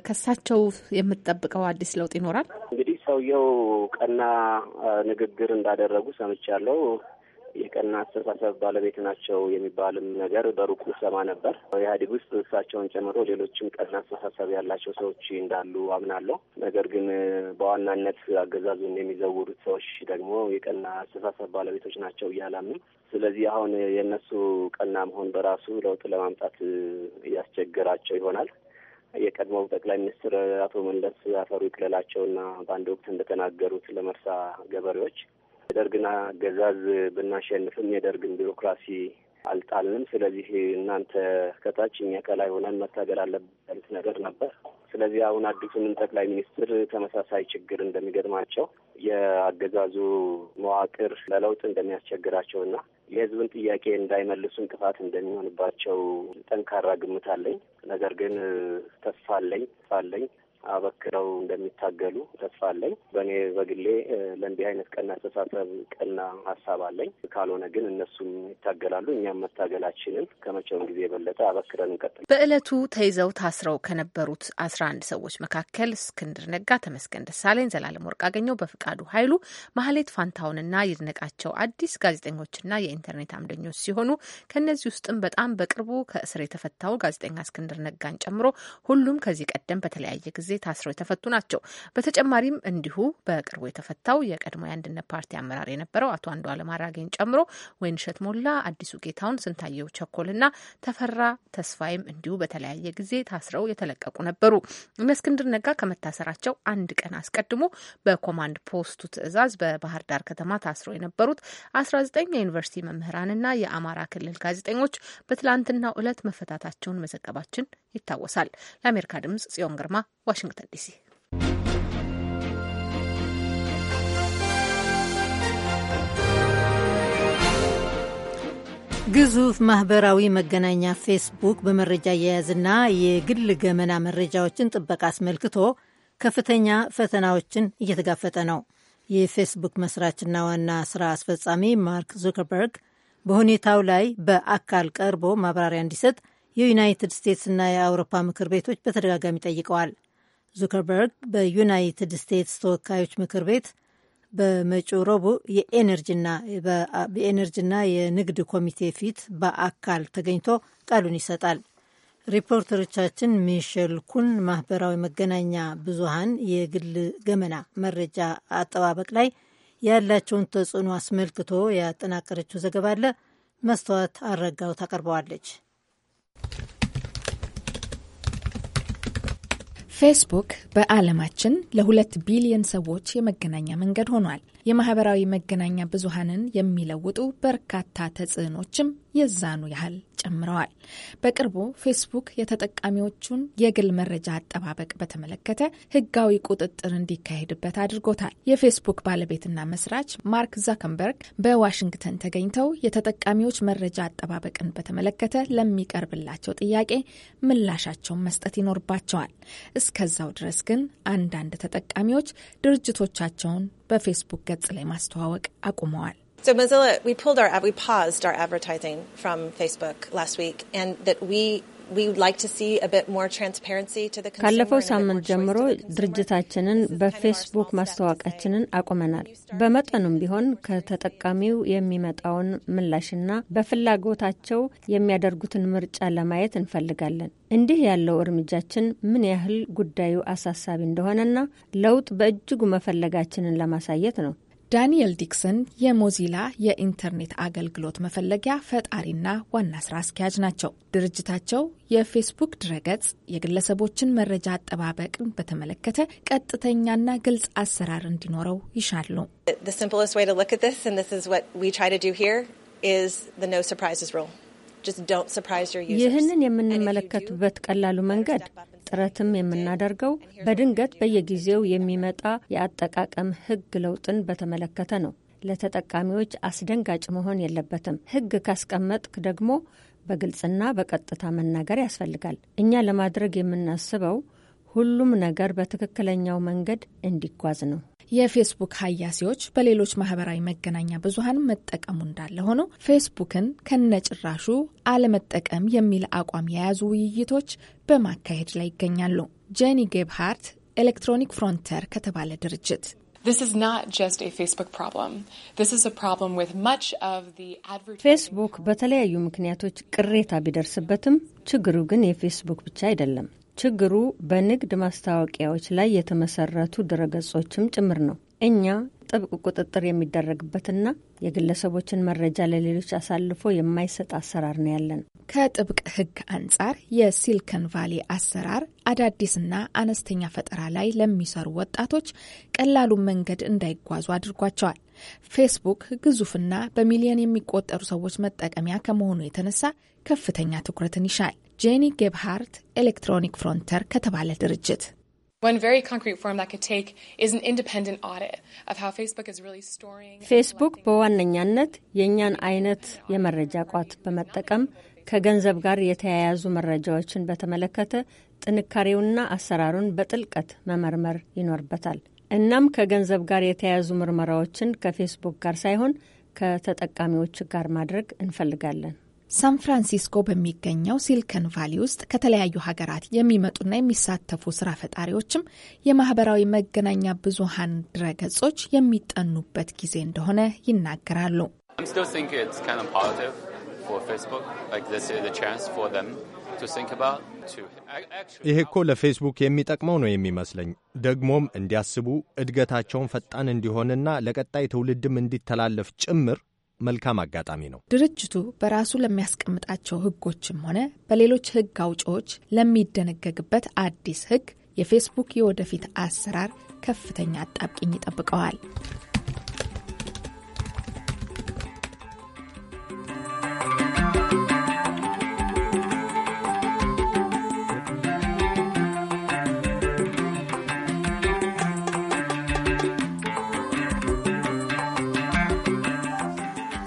ከሳቸው የምትጠብቀው አዲስ ለውጥ ይኖራል? እንግዲህ ሰውየው ቀና ንግግር እንዳደረጉ ሰምቻለሁ። የቀና አስተሳሰብ ባለቤት ናቸው የሚባልም ነገር በሩቁ ሰማ ነበር። ኢህአዴግ ውስጥ እሳቸውን ጨምሮ ሌሎችም ቀና አስተሳሰብ ያላቸው ሰዎች እንዳሉ አምናለሁ። ነገር ግን በዋናነት አገዛዙን የሚዘውሩት ሰዎች ደግሞ የቀና አስተሳሰብ ባለቤቶች ናቸው እያላምን ስለዚህ አሁን የእነሱ ቀና መሆን በራሱ ለውጥ ለማምጣት እያስቸገራቸው ይሆናል። የቀድሞው ጠቅላይ ሚኒስትር አቶ መለስ አፈሩ ይቅለላቸውና በአንድ ወቅት እንደተናገሩት ለመርሳ ገበሬዎች የደርግን አገዛዝ ብናሸንፍም የደርግን ቢሮክራሲ አልጣልንም። ስለዚህ እናንተ ከታች እኛ ከላይ ሆነን መታገል አለበት ነገር ነበር። ስለዚህ አሁን አዲሱንም ጠቅላይ ሚኒስትር ተመሳሳይ ችግር እንደሚገጥማቸው የአገዛዙ መዋቅር ለለውጥ እንደሚያስቸግራቸውና የሕዝብን ጥያቄ እንዳይመልሱ እንቅፋት እንደሚሆንባቸው ጠንካራ ግምት አለኝ። ነገር ግን ተስፋ አለኝ ተስፋ አለኝ አበክረው እንደሚታገሉ ተስፋ አለኝ። በእኔ በግሌ ለእንዲህ አይነት ቀና አስተሳሰብ፣ ቀና ሀሳብ አለኝ። ካልሆነ ግን እነሱም ይታገላሉ፣ እኛም መታገላችንን ከመቼውም ጊዜ የበለጠ አበክረን እንቀጥል። በእለቱ ተይዘው ታስረው ከነበሩት አስራ አንድ ሰዎች መካከል እስክንድር ነጋ፣ ተመስገን ደሳለኝ፣ ዘላለም ወርቅ አገኘው፣ በፍቃዱ ኃይሉ፣ ማህሌት ፋንታውንና ይድነቃቸው አዲስ ጋዜጠኞችና የኢንተርኔት አምደኞች ሲሆኑ ከእነዚህ ውስጥም በጣም በቅርቡ ከእስር የተፈታው ጋዜጠኛ እስክንድር ነጋን ጨምሮ ሁሉም ከዚህ ቀደም በተለያየ ጊዜ ታስረው የተፈቱ ናቸው። በተጨማሪም እንዲሁ በቅርቡ የተፈታው የቀድሞ የአንድነት ፓርቲ አመራር የነበረው አቶ አንዱዓለም አራጌን ጨምሮ ወይንሸት ሞላ፣ አዲሱ ጌታውን፣ ስንታየው ቸኮልና ተፈራ ተስፋይም እንዲሁ በተለያየ ጊዜ ታስረው የተለቀቁ ነበሩ። እነ እስክንድር ነጋ ከመታሰራቸው አንድ ቀን አስቀድሞ በኮማንድ ፖስቱ ትዕዛዝ በባህር ዳር ከተማ ታስረው የነበሩት ዘጠኝ የዩኒቨርሲቲ መምህራንና የአማራ ክልል ጋዜጠኞች በትላንትናው ዕለት መፈታታቸውን መዘገባችን ይታወሳል። ለአሜሪካ ድምጽ ጽዮን ግርማ ዋሽንግተን ዋሽንግተን ዲሲ። ግዙፍ ማህበራዊ መገናኛ ፌስቡክ በመረጃ አያያዝና የግል ገመና መረጃዎችን ጥበቃ አስመልክቶ ከፍተኛ ፈተናዎችን እየተጋፈጠ ነው። የፌስቡክ መስራችና ዋና ስራ አስፈጻሚ ማርክ ዙከርበርግ በሁኔታው ላይ በአካል ቀርቦ ማብራሪያ እንዲሰጥ የዩናይትድ ስቴትስና የአውሮፓ ምክር ቤቶች በተደጋጋሚ ጠይቀዋል። ዙከርበርግ በዩናይትድ ስቴትስ ተወካዮች ምክር ቤት በመጪው ረቡዕ የኤነርጂና የንግድ ኮሚቴ ፊት በአካል ተገኝቶ ቃሉን ይሰጣል። ሪፖርተሮቻችን ሚሸል ኩን ማህበራዊ መገናኛ ብዙሃን የግል ገመና መረጃ አጠባበቅ ላይ ያላቸውን ተጽዕኖ አስመልክቶ ያጠናቀረችው ዘገባ አለ። መስተዋት አረጋው ታቀርበዋለች። ፌስቡክ በዓለማችን ለሁለት ቢሊዮን ሰዎች የመገናኛ መንገድ ሆኗል። የማህበራዊ መገናኛ ብዙሃንን የሚለውጡ በርካታ ተጽዕኖችም የዛኑ ያህል ጨምረዋል። በቅርቡ ፌስቡክ የተጠቃሚዎቹን የግል መረጃ አጠባበቅ በተመለከተ ሕጋዊ ቁጥጥር እንዲካሄድበት አድርጎታል። የፌስቡክ ባለቤትና መስራች ማርክ ዛከንበርግ በዋሽንግተን ተገኝተው የተጠቃሚዎች መረጃ አጠባበቅን በተመለከተ ለሚቀርብላቸው ጥያቄ ምላሻቸውን መስጠት ይኖርባቸዋል። እስከዛው ድረስ ግን አንዳንድ ተጠቃሚዎች ድርጅቶቻቸውን በፌስቡክ ገጽ ላይ ማስተዋወቅ አቁመዋል። So Mozilla, we pulled our we paused our advertising from Facebook last week, and that we ካለፈው ሳምንት ጀምሮ ድርጅታችንን በፌስቡክ ማስታወቂያችንን አቁመናል። በመጠኑም ቢሆን ከተጠቃሚው የሚመጣውን ምላሽና በፍላጎታቸው የሚያደርጉትን ምርጫ ለማየት እንፈልጋለን። እንዲህ ያለው እርምጃችን ምን ያህል ጉዳዩ አሳሳቢ እንደሆነና ለውጥ በእጅጉ መፈለጋችንን ለማሳየት ነው። ዳንኤል ዲክሰን የሞዚላ የኢንተርኔት አገልግሎት መፈለጊያ ፈጣሪና ዋና ስራ አስኪያጅ ናቸው። ድርጅታቸው የፌስቡክ ድረገጽ የግለሰቦችን መረጃ አጠባበቅን በተመለከተ ቀጥተኛና ግልጽ አሰራር እንዲኖረው ይሻሉ። ይህንን የምንመለከቱበት ቀላሉ መንገድ ጥረትም የምናደርገው በድንገት በየጊዜው የሚመጣ የአጠቃቀም ሕግ ለውጥን በተመለከተ ነው። ለተጠቃሚዎች አስደንጋጭ መሆን የለበትም። ሕግ ካስቀመጥክ ደግሞ በግልጽና በቀጥታ መናገር ያስፈልጋል። እኛ ለማድረግ የምናስበው ሁሉም ነገር በትክክለኛው መንገድ እንዲጓዝ ነው። የፌስቡክ ሀያሴዎች በሌሎች ማህበራዊ መገናኛ ብዙሀን መጠቀሙ እንዳለ ሆኖ ፌስቡክን ከነጭራሹ አለመጠቀም የሚል አቋም የያዙ ውይይቶች በማካሄድ ላይ ይገኛሉ። ጄኒ ጌብሃርት ኤሌክትሮኒክ ፍሮንተር ከተባለ ድርጅት ፌስቡክ በተለያዩ ምክንያቶች ቅሬታ ቢደርስበትም ችግሩ ግን የፌስቡክ ብቻ አይደለም። ችግሩ በንግድ ማስታወቂያዎች ላይ የተመሰረቱ ድረገጾችም ጭምር ነው። እኛ ጥብቅ ቁጥጥር የሚደረግበትና የግለሰቦችን መረጃ ለሌሎች አሳልፎ የማይሰጥ አሰራር ነው ያለን። ከጥብቅ ሕግ አንጻር የሲልከን ቫሌ አሰራር አዳዲስና አነስተኛ ፈጠራ ላይ ለሚሰሩ ወጣቶች ቀላሉን መንገድ እንዳይጓዙ አድርጓቸዋል። ፌስቡክ ግዙፍና በሚሊዮን የሚቆጠሩ ሰዎች መጠቀሚያ ከመሆኑ የተነሳ ከፍተኛ ትኩረትን ይሻል። ጄኒ ጌብሃርት ኤሌክትሮኒክ ፍሮንተር ከተባለ ድርጅት ፌስቡክ በዋነኛነት የእኛን አይነት የመረጃ ቋት በመጠቀም ከገንዘብ ጋር የተያያዙ መረጃዎችን በተመለከተ ጥንካሬውና አሰራሩን በጥልቀት መመርመር ይኖርበታል። እናም ከገንዘብ ጋር የተያያዙ ምርመራዎችን ከፌስቡክ ጋር ሳይሆን ከተጠቃሚዎች ጋር ማድረግ እንፈልጋለን። ሳን ፍራንሲስኮ በሚገኘው ሲልከን ቫሊ ውስጥ ከተለያዩ ሀገራት የሚመጡና የሚሳተፉ ስራ ፈጣሪዎችም የማህበራዊ መገናኛ ብዙሃን ድረገጾች የሚጠኑበት ጊዜ እንደሆነ ይናገራሉ። ይህ እኮ ለፌስቡክ የሚጠቅመው ነው የሚመስለኝ። ደግሞም እንዲያስቡ እድገታቸውን ፈጣን እንዲሆንና ለቀጣይ ትውልድም እንዲተላለፍ ጭምር መልካም አጋጣሚ ነው። ድርጅቱ በራሱ ለሚያስቀምጣቸው ህጎችም ሆነ በሌሎች ህግ አውጪዎች ለሚደነገግበት አዲስ ህግ የፌስቡክ የወደፊት አሰራር ከፍተኛ አጣብቂኝ ይጠብቀዋል።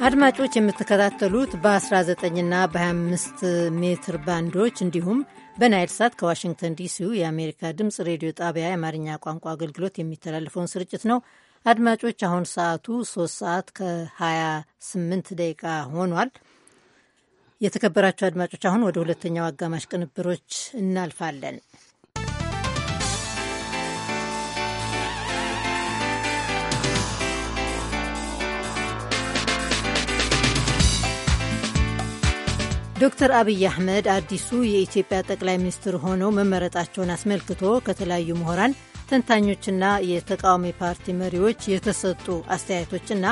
አድማጮች የምትከታተሉት በ19ና በ25 ሜትር ባንዶች እንዲሁም በናይል ሳት ከዋሽንግተን ዲሲው የአሜሪካ ድምፅ ሬዲዮ ጣቢያ የአማርኛ ቋንቋ አገልግሎት የሚተላለፈውን ስርጭት ነው። አድማጮች አሁን ሰዓቱ 3 ሰዓት ከ28 ደቂቃ ሆኗል። የተከበራቸው አድማጮች አሁን ወደ ሁለተኛው አጋማሽ ቅንብሮች እናልፋለን። ዶክተር አብይ አህመድ አዲሱ የኢትዮጵያ ጠቅላይ ሚኒስትር ሆነው መመረጣቸውን አስመልክቶ ከተለያዩ ምሁራን፣ ተንታኞችና የተቃዋሚ ፓርቲ መሪዎች የተሰጡ አስተያየቶችና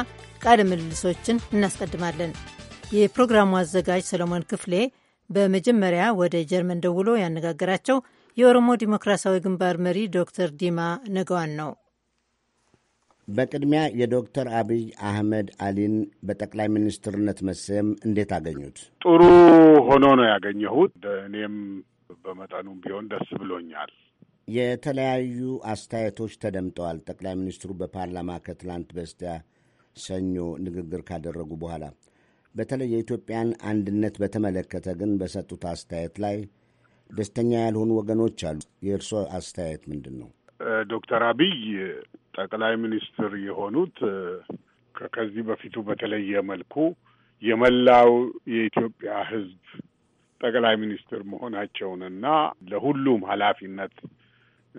ቃለ ምልልሶችን እናስቀድማለን። የፕሮግራሙ አዘጋጅ ሰለሞን ክፍሌ በመጀመሪያ ወደ ጀርመን ደውሎ ያነጋገራቸው የኦሮሞ ዲሞክራሲያዊ ግንባር መሪ ዶክተር ዲማ ነገዋን ነው። በቅድሚያ የዶክተር አብይ አህመድ አሊን በጠቅላይ ሚኒስትርነት መሰየም እንዴት አገኙት? ጥሩ ሆኖ ነው ያገኘሁት። እኔም በመጠኑም ቢሆን ደስ ብሎኛል። የተለያዩ አስተያየቶች ተደምጠዋል። ጠቅላይ ሚኒስትሩ በፓርላማ ከትላንት በስቲያ ሰኞ ንግግር ካደረጉ በኋላ በተለይ የኢትዮጵያን አንድነት በተመለከተ ግን በሰጡት አስተያየት ላይ ደስተኛ ያልሆኑ ወገኖች አሉ። የእርስዎ አስተያየት ምንድን ነው? ዶክተር አብይ ጠቅላይ ሚኒስትር የሆኑት ከዚህ በፊቱ በተለየ መልኩ የመላው የኢትዮጵያ ሕዝብ ጠቅላይ ሚኒስትር መሆናቸውንና ለሁሉም ኃላፊነት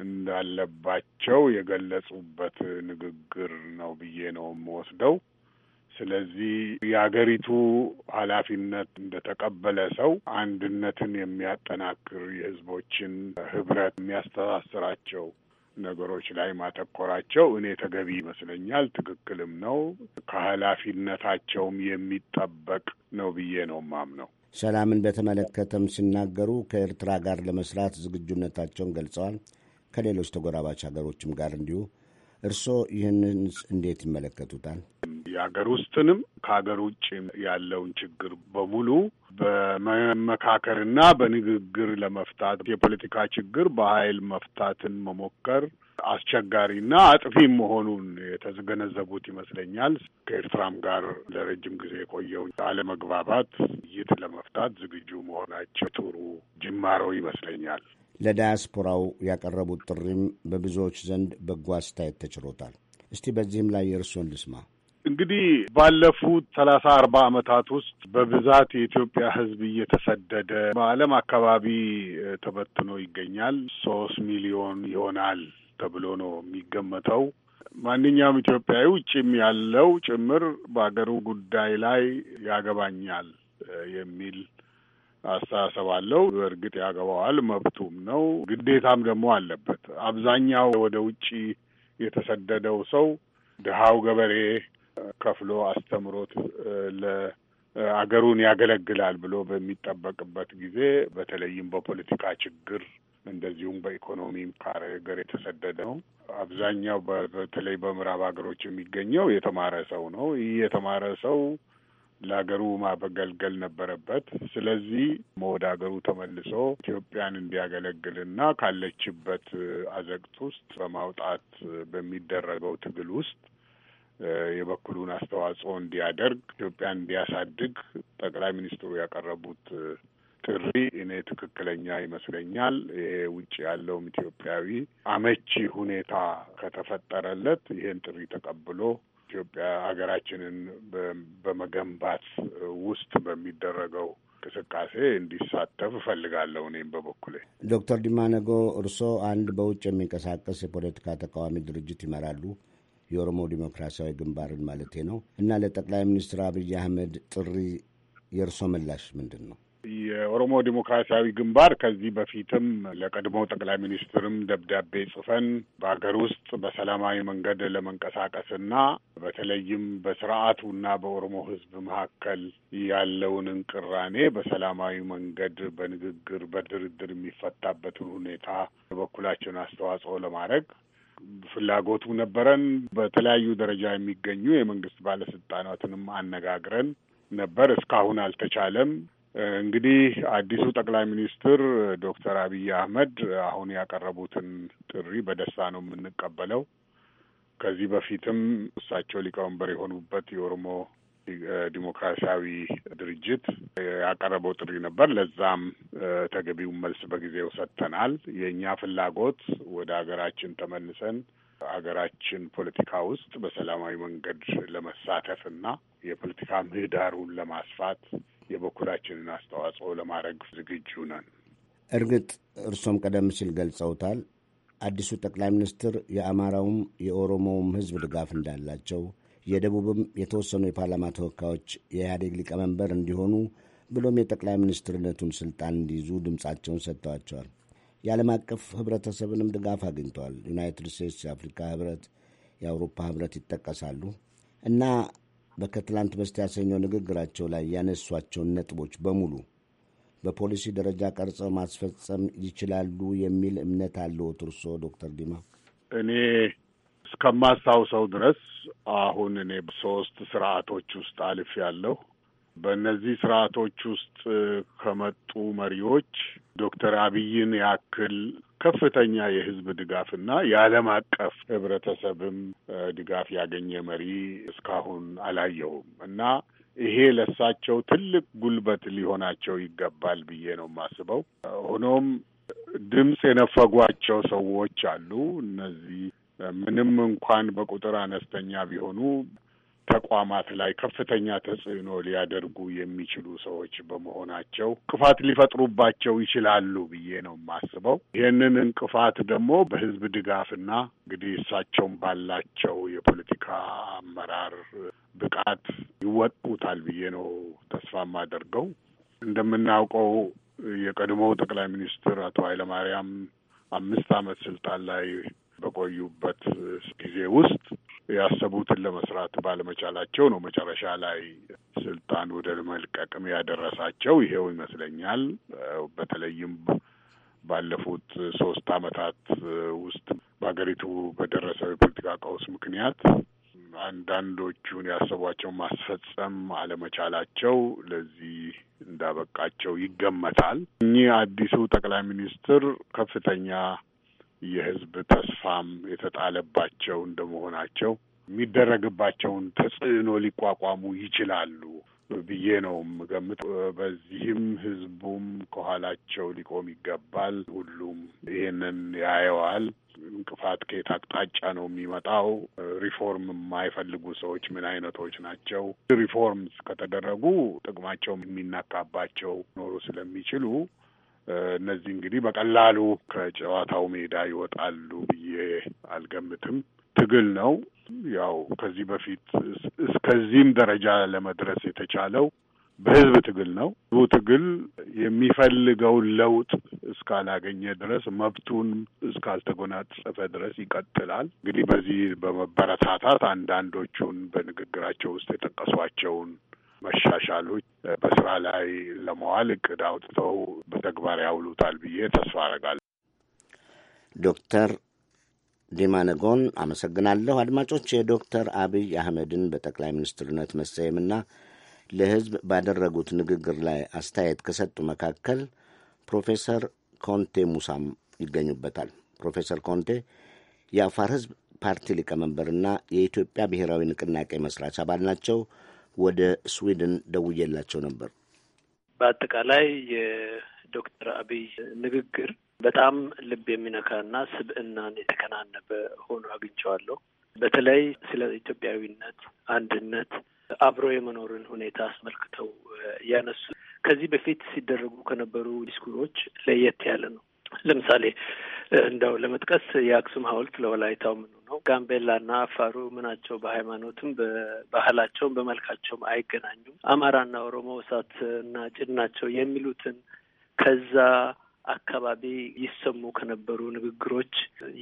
እንዳለባቸው የገለጹበት ንግግር ነው ብዬ ነው የምወስደው። ስለዚህ የአገሪቱ ኃላፊነት እንደተቀበለ ሰው አንድነትን የሚያጠናክር የህዝቦችን ህብረት የሚያስተሳስራቸው ነገሮች ላይ ማተኮራቸው እኔ ተገቢ ይመስለኛል፣ ትክክልም ነው፣ ከኃላፊነታቸውም የሚጠበቅ ነው ብዬ ነው ማምነው። ሰላምን በተመለከተም ሲናገሩ ከኤርትራ ጋር ለመስራት ዝግጁነታቸውን ገልጸዋል። ከሌሎች ተጎራባች ሀገሮችም ጋር እንዲሁ እርስዎ ይህንን እንዴት ይመለከቱታል? የሀገር ውስጥንም ከሀገር ውጭ ያለውን ችግር በሙሉ በመመካከርና በንግግር ለመፍታት የፖለቲካ ችግር በኃይል መፍታትን መሞከር አስቸጋሪና አጥፊ መሆኑን የተገነዘቡት ይመስለኛል። ከኤርትራም ጋር ለረጅም ጊዜ የቆየው አለመግባባት ውይይት ለመፍታት ዝግጁ መሆናቸው ጥሩ ጅማሮ ይመስለኛል። ለዳያስፖራው ያቀረቡት ጥሪም በብዙዎች ዘንድ በጎ አስተያየት ተችሮታል። እስቲ በዚህም ላይ የእርስዎን ልስማ። እንግዲህ ባለፉት ሰላሳ አርባ ዓመታት ውስጥ በብዛት የኢትዮጵያ ሕዝብ እየተሰደደ በዓለም አካባቢ ተበትኖ ይገኛል። ሶስት ሚሊዮን ይሆናል ተብሎ ነው የሚገመተው። ማንኛውም ኢትዮጵያዊ ውጭም ያለው ጭምር በሀገሩ ጉዳይ ላይ ያገባኛል የሚል አስተሳሰብ አለው። እርግጥ ያገባዋል፣ መብቱም ነው፣ ግዴታም ደግሞ አለበት። አብዛኛው ወደ ውጭ የተሰደደው ሰው ድሃው ገበሬ ከፍሎ አስተምሮት ለአገሩን ያገለግላል ብሎ በሚጠበቅበት ጊዜ በተለይም በፖለቲካ ችግር እንደዚሁም በኢኮኖሚም ከሀገር የተሰደደ ነው። አብዛኛው በተለይ በምዕራብ ሀገሮች የሚገኘው የተማረ ሰው ነው። ይህ የተማረ ሰው ለሀገሩ ማበገልገል ነበረበት። ስለዚህ ወደ ሀገሩ ተመልሶ ኢትዮጵያን እንዲያገለግልና ካለችበት አዘቅት ውስጥ በማውጣት በሚደረገው ትግል ውስጥ የበኩሉን አስተዋጽኦ እንዲያደርግ ኢትዮጵያን እንዲያሳድግ ጠቅላይ ሚኒስትሩ ያቀረቡት ጥሪ እኔ ትክክለኛ ይመስለኛል። ይሄ ውጭ ያለውም ኢትዮጵያዊ አመቺ ሁኔታ ከተፈጠረለት ይሄን ጥሪ ተቀብሎ ኢትዮጵያ ሀገራችንን በመገንባት ውስጥ በሚደረገው እንቅስቃሴ እንዲሳተፍ እፈልጋለሁ። እኔም በበኩሌ ዶክተር ዲማነጎ ነገ እርሶ አንድ በውጭ የሚንቀሳቀስ የፖለቲካ ተቃዋሚ ድርጅት ይመራሉ። የኦሮሞ ዲሞክራሲያዊ ግንባርን ማለት ነው እና ለጠቅላይ ሚኒስትር አብይ አህመድ ጥሪ የእርሶ ምላሽ ምንድን ነው? የኦሮሞ ዴሞክራሲያዊ ግንባር ከዚህ በፊትም ለቀድሞ ጠቅላይ ሚኒስትርም ደብዳቤ ጽፈን በሀገር ውስጥ በሰላማዊ መንገድ ለመንቀሳቀስና በተለይም በስርዓቱና በኦሮሞ ሕዝብ መካከል ያለውን እንቅራኔ በሰላማዊ መንገድ በንግግር በድርድር የሚፈታበትን ሁኔታ በበኩላችን አስተዋጽኦ ለማድረግ ፍላጎቱ ነበረን። በተለያዩ ደረጃ የሚገኙ የመንግስት ባለስልጣናትንም አነጋግረን ነበር። እስካሁን አልተቻለም። እንግዲህ አዲሱ ጠቅላይ ሚኒስትር ዶክተር አብይ አህመድ አሁን ያቀረቡትን ጥሪ በደስታ ነው የምንቀበለው። ከዚህ በፊትም እሳቸው ሊቀመንበር የሆኑበት የኦሮሞ ዲሞክራሲያዊ ድርጅት ያቀረበው ጥሪ ነበር። ለዛም ተገቢውን መልስ በጊዜው ሰጥተናል። የእኛ ፍላጎት ወደ ሀገራችን ተመልሰን ሀገራችን ፖለቲካ ውስጥ በሰላማዊ መንገድ ለመሳተፍ እና የፖለቲካ ምህዳሩን ለማስፋት የበኩላችንን አስተዋጽኦ ለማድረግ ዝግጁ ነን። እርግጥ እርሶም ቀደም ሲል ገልጸውታል። አዲሱ ጠቅላይ ሚኒስትር የአማራውም የኦሮሞውም ሕዝብ ድጋፍ እንዳላቸው የደቡብም የተወሰኑ የፓርላማ ተወካዮች የኢህአዴግ ሊቀመንበር እንዲሆኑ ብሎም የጠቅላይ ሚኒስትርነቱን ስልጣን እንዲይዙ ድምፃቸውን ሰጥተዋቸዋል። የዓለም አቀፍ ህብረተሰብንም ድጋፍ አግኝተዋል። ዩናይትድ ስቴትስ፣ የአፍሪካ ህብረት፣ የአውሮፓ ህብረት ይጠቀሳሉ እና በከትላንት በስቲያ ሰኞ ንግግራቸው ላይ ያነሷቸውን ነጥቦች በሙሉ በፖሊሲ ደረጃ ቀርጸው ማስፈጸም ይችላሉ የሚል እምነት አለዎት እርስዎ ዶክተር ዲማ? እኔ እስከማስታውሰው ድረስ አሁን እኔ ሶስት ስርዓቶች ውስጥ አልፍ ያለው በእነዚህ ስርዓቶች ውስጥ ከመጡ መሪዎች ዶክተር አብይን ያክል ከፍተኛ የህዝብ ድጋፍና የዓለም አቀፍ ህብረተሰብም ድጋፍ ያገኘ መሪ እስካሁን አላየሁም እና ይሄ ለሳቸው ትልቅ ጉልበት ሊሆናቸው ይገባል ብዬ ነው የማስበው። ሆኖም ድምፅ የነፈጓቸው ሰዎች አሉ። እነዚህ ምንም እንኳን በቁጥር አነስተኛ ቢሆኑ ተቋማት ላይ ከፍተኛ ተጽዕኖ ሊያደርጉ የሚችሉ ሰዎች በመሆናቸው እንቅፋት ሊፈጥሩባቸው ይችላሉ ብዬ ነው የማስበው። ይህንን እንቅፋት ደግሞ በህዝብ ድጋፍና እንግዲህ እሳቸውም ባላቸው የፖለቲካ አመራር ብቃት ይወጡታል ብዬ ነው ተስፋ የማደርገው። እንደምናውቀው የቀድሞው ጠቅላይ ሚኒስትር አቶ ኃይለማርያም አምስት ዓመት ስልጣን ላይ በቆዩበት ጊዜ ውስጥ ያሰቡትን ለመስራት ባለመቻላቸው ነው መጨረሻ ላይ ስልጣን ወደ መልቀቅም ያደረሳቸው ይሄው ይመስለኛል። በተለይም ባለፉት ሶስት አመታት ውስጥ በሀገሪቱ በደረሰው የፖለቲካ ቀውስ ምክንያት አንዳንዶቹን ያሰቧቸው ማስፈጸም አለመቻላቸው ለዚህ እንዳበቃቸው ይገመታል። እኚህ አዲሱ ጠቅላይ ሚኒስትር ከፍተኛ የህዝብ ተስፋም የተጣለባቸው እንደመሆናቸው የሚደረግባቸውን ተጽዕኖ ሊቋቋሙ ይችላሉ ብዬ ነው የምገምት። በዚህም ህዝቡም ከኋላቸው ሊቆም ይገባል። ሁሉም ይሄንን ያየዋል። እንቅፋት ከየት አቅጣጫ ነው የሚመጣው? ሪፎርም የማይፈልጉ ሰዎች ምን አይነቶች ናቸው? ሪፎርምስ ከተደረጉ ጥቅማቸው የሚናካባቸው ኖሩ ስለሚችሉ እነዚህ እንግዲህ በቀላሉ ከጨዋታው ሜዳ ይወጣሉ ብዬ አልገምትም። ትግል ነው። ያው ከዚህ በፊት እስከዚህም ደረጃ ለመድረስ የተቻለው በህዝብ ትግል ነው። ህዝቡ ትግል የሚፈልገውን ለውጥ እስካላገኘ ድረስ መብቱን እስካልተጎናጸፈ ድረስ ይቀጥላል። እንግዲህ በዚህ በመበረታታት አንዳንዶቹን በንግግራቸው ውስጥ የጠቀሷቸውን መሻሻሎች በስራ ላይ ለመዋል እቅድ አውጥተው በተግባር ያውሉታል ብዬ ተስፋ አረጋለሁ። ዶክተር ዲማነጎን አመሰግናለሁ። አድማጮች የዶክተር አብይ አህመድን በጠቅላይ ሚኒስትርነት መሰየምና ለሕዝብ ባደረጉት ንግግር ላይ አስተያየት ከሰጡ መካከል ፕሮፌሰር ኮንቴ ሙሳም ይገኙበታል። ፕሮፌሰር ኮንቴ የአፋር ሕዝብ ፓርቲ ሊቀመንበርና የኢትዮጵያ ብሔራዊ ንቅናቄ መስራች አባል ናቸው። ወደ ስዊድን ደውዬላቸው ነበር። በአጠቃላይ የዶክተር አብይ ንግግር በጣም ልብ የሚነካና ስብዕናን የተከናነበ ሆኖ አግኝቸዋለሁ። በተለይ ስለ ኢትዮጵያዊነት፣ አንድነት፣ አብሮ የመኖርን ሁኔታ አስመልክተው ያነሱ ከዚህ በፊት ሲደረጉ ከነበሩ ዲስኩሮች ለየት ያለ ነው። ለምሳሌ እንደው ለመጥቀስ የአክሱም ሐውልት ለወላይታው ምን ነው። ጋምቤላና አፋሩ ምናቸው በሃይማኖትም በባህላቸውም በመልካቸውም አይገናኙም። አማራና ኦሮሞ እሳትና ጭድ ናቸው የሚሉትን ከዛ አካባቢ ይሰሙ ከነበሩ ንግግሮች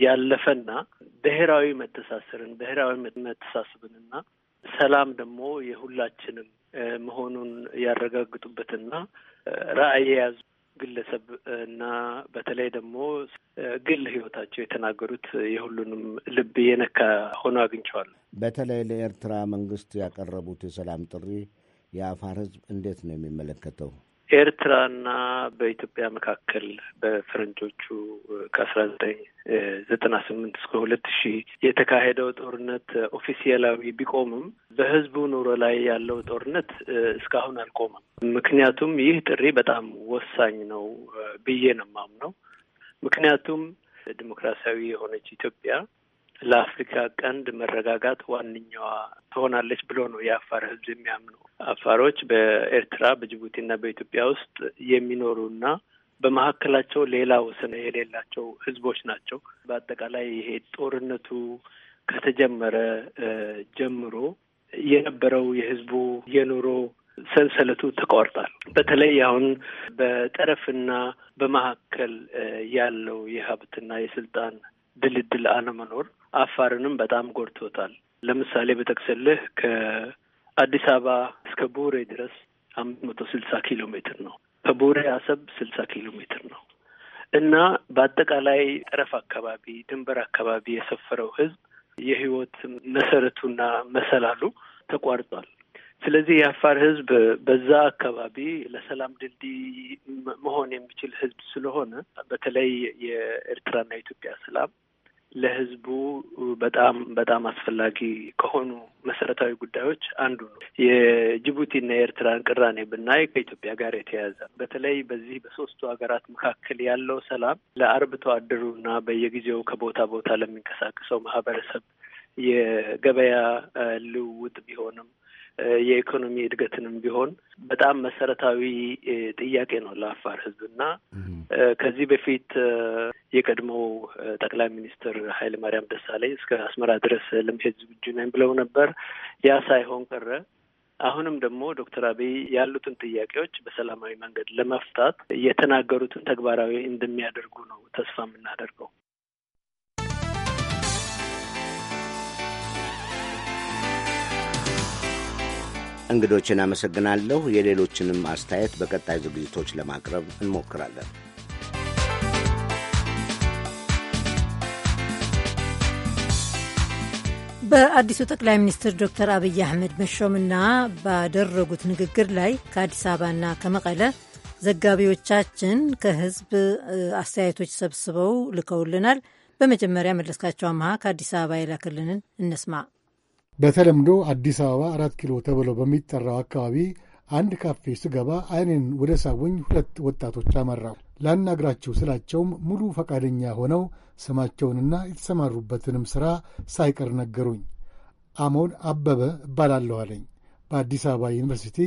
ያለፈና ብሔራዊ መተሳሰርን ብሔራዊ መተሳሰብንና ሰላም ደግሞ የሁላችንም መሆኑን ያረጋግጡበትና ራዕይ የያዙ ግለሰብ እና በተለይ ደግሞ ግል ህይወታቸው የተናገሩት የሁሉንም ልብ የነካ ሆኖ አግኝቸዋል። በተለይ ለኤርትራ መንግስት ያቀረቡት የሰላም ጥሪ የአፋር ህዝብ እንዴት ነው የሚመለከተው? ኤርትራና በኢትዮጵያ መካከል በፈረንጆቹ ከአስራ ዘጠኝ ዘጠና ስምንት እስከ ሁለት ሺህ የተካሄደው ጦርነት ኦፊሴላዊ ቢቆምም በህዝቡ ኑሮ ላይ ያለው ጦርነት እስካሁን አልቆመም። ምክንያቱም ይህ ጥሪ በጣም ወሳኝ ነው ብዬ ነው የማምነው። ምክንያቱም ዲሞክራሲያዊ የሆነች ኢትዮጵያ ለአፍሪካ ቀንድ መረጋጋት ዋነኛዋ ትሆናለች ብሎ ነው የአፋር ህዝብ የሚያምነው። አፋሮች በኤርትራ በጅቡቲና በኢትዮጵያ ውስጥ የሚኖሩና በመካከላቸው ሌላ ወሰን የሌላቸው ህዝቦች ናቸው። በአጠቃላይ ይሄ ጦርነቱ ከተጀመረ ጀምሮ የነበረው የህዝቡ የኑሮ ሰንሰለቱ ተቋርጧል። በተለይ አሁን በጠረፍና በመካከል ያለው የሀብትና የስልጣን ድልድል አለመኖር አፋርንም በጣም ጎድቶታል። ለምሳሌ በጠቅሰልህ ከአዲስ አበባ እስከ ቡሬ ድረስ አምስት መቶ ስልሳ ኪሎ ሜትር ነው። ከቡሬ አሰብ ስልሳ ኪሎ ሜትር ነው እና በአጠቃላይ ጠረፍ አካባቢ ድንበር አካባቢ የሰፈረው ህዝብ የህይወት መሰረቱና መሰላሉ ተቋርጧል። ስለዚህ የአፋር ህዝብ በዛ አካባቢ ለሰላም ድልድይ መሆን የሚችል ህዝብ ስለሆነ በተለይ የኤርትራና የኢትዮጵያ ሰላም ለህዝቡ በጣም በጣም አስፈላጊ ከሆኑ መሰረታዊ ጉዳዮች አንዱ ነው። የጅቡቲና የኤርትራን ቅራኔ ብናይ ከኢትዮጵያ ጋር የተያያዘ በተለይ በዚህ በሶስቱ ሀገራት መካከል ያለው ሰላም ለአርብቶ አደሩና በየጊዜው ከቦታ ቦታ ለሚንቀሳቀሰው ማህበረሰብ የገበያ ልውውጥ ቢሆንም የኢኮኖሚ እድገትንም ቢሆን በጣም መሰረታዊ ጥያቄ ነው ለአፋር ህዝብ እና ከዚህ በፊት የቀድሞው ጠቅላይ ሚኒስትር ኃይለ ማርያም ደሳለኝ እስከ አስመራ ድረስ ለመሄድ ዝግጁ ነኝ ብለው ነበር። ያ ሳይሆን ቀረ። አሁንም ደግሞ ዶክተር አብይ ያሉትን ጥያቄዎች በሰላማዊ መንገድ ለመፍታት የተናገሩትን ተግባራዊ እንደሚያደርጉ ነው ተስፋ የምናደርገው። እንግዶችን አመሰግናለሁ። የሌሎችንም አስተያየት በቀጣይ ዝግጅቶች ለማቅረብ እንሞክራለን። በአዲሱ ጠቅላይ ሚኒስትር ዶክተር አብይ አህመድ መሾምና ባደረጉት ንግግር ላይ ከአዲስ አበባና ከመቀለ ዘጋቢዎቻችን ከህዝብ አስተያየቶች ሰብስበው ልከውልናል። በመጀመሪያ መለስካቸው አመሃ ከአዲስ አበባ የላክልንን እንስማ። በተለምዶ አዲስ አበባ አራት ኪሎ ተብሎ በሚጠራው አካባቢ አንድ ካፌ ስገባ አይኔን ወደ ሳቡኝ ሁለት ወጣቶች አመራው። ላናግራቸው ስላቸውም ሙሉ ፈቃደኛ ሆነው ስማቸውንና የተሰማሩበትንም ሥራ ሳይቀር ነገሩኝ። አሞን አበበ እባላለሁ አለኝ። በአዲስ አበባ ዩኒቨርሲቲ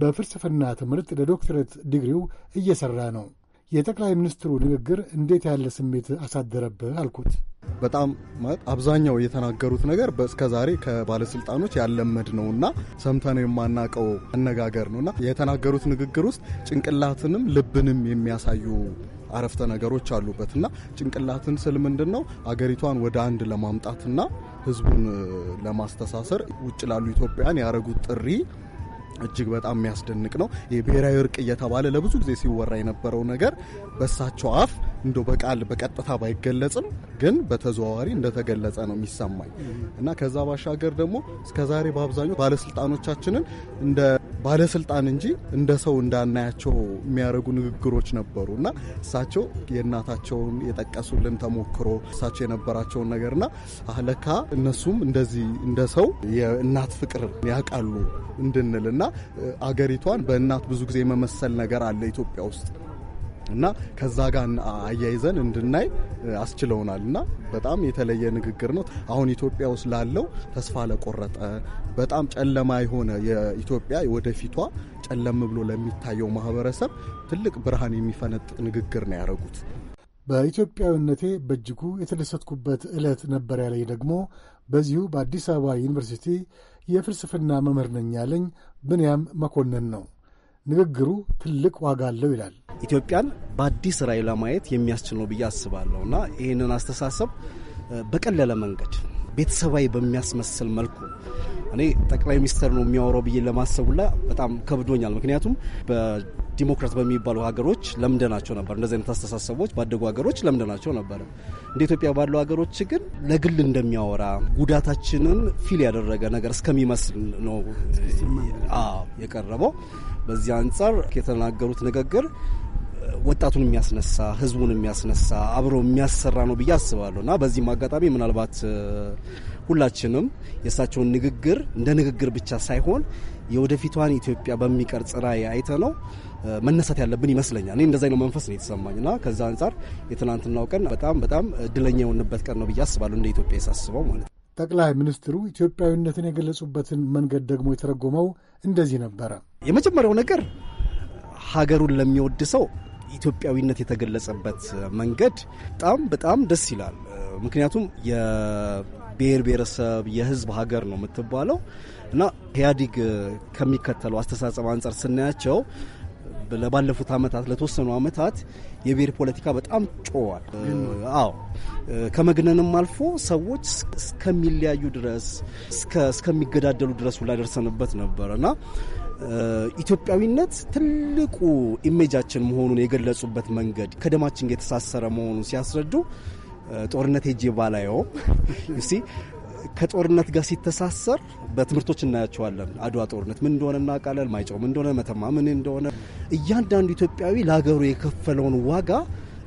በፍልስፍና ትምህርት ለዶክትሬት ዲግሪው እየሠራ ነው። የጠቅላይ ሚኒስትሩ ንግግር እንዴት ያለ ስሜት አሳደረብህ? አልኩት። በጣም ማለት አብዛኛው የተናገሩት ነገር እስከዛሬ ከባለስልጣኖች ያለመድ ነው እና ሰምተነው የማናቀው አነጋገር ነው እና የተናገሩት ንግግር ውስጥ ጭንቅላትንም ልብንም የሚያሳዩ አረፍተ ነገሮች አሉበት እና ጭንቅላትን ስል ምንድን ነው አገሪቷን ወደ አንድ ለማምጣትና ህዝቡን ለማስተሳሰር ውጭ ላሉ ኢትዮጵያን ያደረጉት ጥሪ እጅግ በጣም የሚያስደንቅ ነው። የብሔራዊ እርቅ እየተባለ ለብዙ ጊዜ ሲወራ የነበረው ነገር በእሳቸው አፍ እንደ በቃል በቀጥታ ባይገለጽም ግን በተዘዋዋሪ እንደተገለጸ ነው የሚሰማኝ እና ከዛ ባሻገር ደግሞ እስከዛሬ በአብዛኛው ባለስልጣኖቻችንን እንደ ባለስልጣን እንጂ እንደ ሰው እንዳናያቸው የሚያደርጉ ንግግሮች ነበሩ እና እሳቸው የእናታቸውን የጠቀሱልን ተሞክሮ እሳቸው የነበራቸውን ነገርና አለካ እነሱም እንደዚህ እንደ ሰው የእናት ፍቅር ያውቃሉ እንድንል እና አገሪቷን በእናት ብዙ ጊዜ የመመሰል ነገር አለ ኢትዮጵያ ውስጥ እና ከዛ ጋር አያይዘን እንድናይ አስችለውናል። እና በጣም የተለየ ንግግር ነው። አሁን ኢትዮጵያ ውስጥ ላለው ተስፋ ለቆረጠ በጣም ጨለማ የሆነ የኢትዮጵያ ወደፊቷ ጨለም ብሎ ለሚታየው ማህበረሰብ ትልቅ ብርሃን የሚፈነጥ ንግግር ነው ያደረጉት። በኢትዮጵያዊነቴ በእጅጉ የተደሰትኩበት ዕለት ነበር ያለኝ ደግሞ በዚሁ በአዲስ አበባ ዩኒቨርሲቲ የፍልስፍና መምህር ነኝ ያለኝ ብንያም መኮንን ነው። ንግግሩ ትልቅ ዋጋ አለው ይላል። ኢትዮጵያን በአዲስ ራዕይ ለማየት የሚያስችል ነው ብዬ አስባለሁ እና ይህንን አስተሳሰብ በቀለለ መንገድ ቤተሰባዊ በሚያስመስል መልኩ እኔ ጠቅላይ ሚኒስትር ነው የሚያወራው ብዬ ለማሰቡላ በጣም ከብዶኛል። ምክንያቱም ዲሞክራት በሚባሉ ሀገሮች ለምደናቸው ነበር። እንደዚህ አይነት አስተሳሰቦች ባደጉ ሀገሮች ለምደናቸው ነበር። እንደ ኢትዮጵያ ባሉ ሀገሮች ግን ለግል እንደሚያወራ ጉዳታችንን ፊል ያደረገ ነገር እስከሚመስል ነው የቀረበው። በዚህ አንጻር የተናገሩት ንግግር ወጣቱን የሚያስነሳ ህዝቡን የሚያስነሳ አብሮ የሚያሰራ ነው ብዬ አስባለሁ እና በዚህም አጋጣሚ ምናልባት ሁላችንም የእሳቸውን ንግግር እንደ ንግግር ብቻ ሳይሆን የወደፊቷን ኢትዮጵያ በሚቀርጽ ራዕይ አይተ ነው መነሳት ያለብን ይመስለኛል። እኔ እንደዛ ነው መንፈስ ነው የተሰማኝ እና ከዛ አንጻር የትናንትናው ቀን በጣም በጣም እድለኛ የሆንበት ቀን ነው ብዬ አስባለሁ፣ እንደ ኢትዮጵያ የሳስበው ማለት ነው። ጠቅላይ ሚኒስትሩ ኢትዮጵያዊነትን የገለጹበትን መንገድ ደግሞ የተረጎመው እንደዚህ ነበረ። የመጀመሪያው ነገር ሀገሩን ለሚወድ ሰው ኢትዮጵያዊነት የተገለጸበት መንገድ በጣም በጣም ደስ ይላል። ምክንያቱም የብሔር ብሔረሰብ የሕዝብ ሀገር ነው የምትባለው እና ኢህአዲግ ከሚከተለው አስተሳሰብ አንጻር ስናያቸው ለባለፉት አመታት ለተወሰኑ አመታት የብሔር ፖለቲካ በጣም ጮዋል። አዎ ከመግነንም አልፎ ሰዎች እስከሚለያዩ ድረስ እስከሚገዳደሉ ድረስ ሁላ ደርሰንበት ነበር እና ኢትዮጵያዊነት ትልቁ ኢሜጃችን መሆኑን የገለጹበት መንገድ ከደማችን የተሳሰረ መሆኑን ሲያስረዱ ጦርነት ሄጄ ባላየው ከጦርነት ጋር ሲተሳሰር በትምህርቶች እናያቸዋለን። አድዋ ጦርነት ምን እንደሆነ እናውቃለን። ማይጨው ምን እንደሆነ፣ መተማ ምን እንደሆነ፣ እያንዳንዱ ኢትዮጵያዊ ለሀገሩ የከፈለውን ዋጋ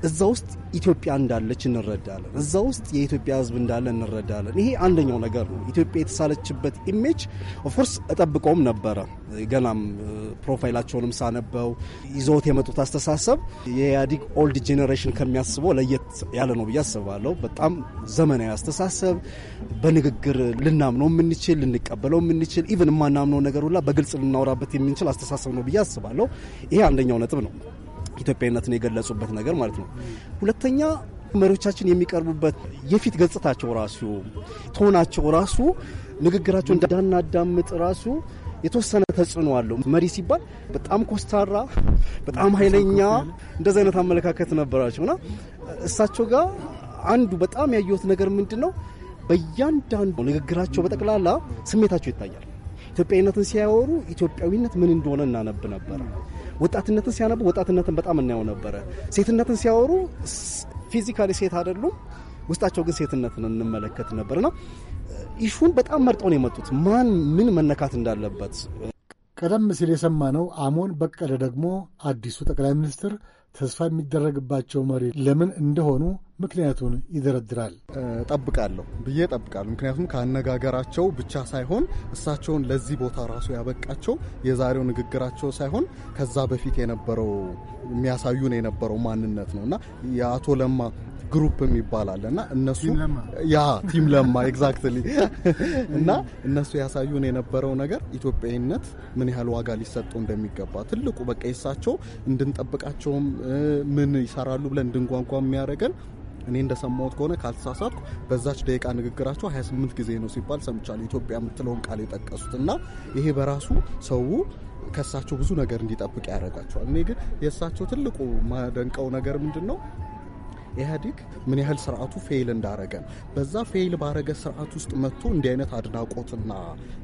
እዛ ውስጥ ኢትዮጵያ እንዳለች እንረዳለን። እዛ ውስጥ የኢትዮጵያ ሕዝብ እንዳለ እንረዳለን። ይሄ አንደኛው ነገር ነው። ኢትዮጵያ የተሳለችበት ኢሜጅ ኦፍኮርስ እጠብቀውም ነበረ። ገናም ፕሮፋይላቸውንም ሳነበው ይዘውት የመጡት አስተሳሰብ የኢህአዴግ ኦልድ ጄኔሬሽን ከሚያስበው ለየት ያለ ነው ብዬ አስባለሁ። በጣም ዘመናዊ አስተሳሰብ፣ በንግግር ልናምነው የምንችል ልንቀበለው የምንችል ኢቨን የማናምነው ነገር ሁላ በግልጽ ልናወራበት የምንችል አስተሳሰብ ነው ብዬ አስባለሁ። ይሄ አንደኛው ነጥብ ነው። ኢትዮጵያዊነትን የገለጹበት ነገር ማለት ነው። ሁለተኛ መሪዎቻችን የሚቀርቡበት የፊት ገጽታቸው ራሱ ቶናቸው ራሱ ንግግራቸው እንዳናዳምጥ ራሱ የተወሰነ ተጽዕኖ አለው። መሪ ሲባል በጣም ኮስታራ፣ በጣም ኃይለኛ እንደዚ አይነት አመለካከት እና እሳቸው ጋር አንዱ በጣም ያየሁት ነገር ምንድን ነው? በእያንዳንዱ ንግግራቸው በጠቅላላ ስሜታቸው ይታያል። ኢትዮጵያዊነትን ሲያወሩ ኢትዮጵያዊነት ምን እንደሆነ እናነብ ነበር። ወጣትነትን ሲያነቡ ወጣትነትን በጣም እናየው ነበረ። ሴትነትን ሲያወሩ ፊዚካሊ ሴት አይደሉም፣ ውስጣቸው ግን ሴትነትን እንመለከት ነበርና ኢሹን በጣም መርጠው ነው የመጡት፣ ማን ምን መነካት እንዳለበት። ቀደም ሲል የሰማነው አሞን በቀለ ደግሞ አዲሱ ጠቅላይ ሚኒስትር ተስፋ የሚደረግባቸው መሪ ለምን እንደሆኑ ምክንያቱን ይደረድራል። ጠብቃለሁ ብዬ ጠብቃለሁ። ምክንያቱም ከአነጋገራቸው ብቻ ሳይሆን እሳቸውን ለዚህ ቦታ ራሱ ያበቃቸው የዛሬው ንግግራቸው ሳይሆን ከዛ በፊት የነበረው የሚያሳዩን የነበረው ማንነት ነው እና የአቶ ለማ ግሩፕ የሚባላል እና እነሱ ያ ቲም ለማ ኤግዛክትሊ እና እነሱ ያሳዩን የነበረው ነገር ኢትዮጵያዊነት ምን ያህል ዋጋ ሊሰጠው እንደሚገባ ትልቁ በቃ የሳቸው እንድንጠብቃቸውም ምን ይሰራሉ ብለን እንድንጓንጓ የሚያደርገን እኔ እንደሰማሁት ከሆነ ካልተሳሳትኩ በዛች ደቂቃ ንግግራቸው 28 ጊዜ ነው ሲባል ሰምቻለሁ ኢትዮጵያ የምትለውን ቃል የጠቀሱት እና ይሄ በራሱ ሰው ከሳቸው ብዙ ነገር እንዲጠብቅ ያደርጋቸዋል። እኔ ግን የእሳቸው ትልቁ ማደንቀው ነገር ምንድን ነው ኢህአዴግ ምን ያህል ስርዓቱ ፌይል እንዳረገ በዛ ፌይል ባረገ ስርዓት ውስጥ መጥቶ እንዲህ አይነት አድናቆትና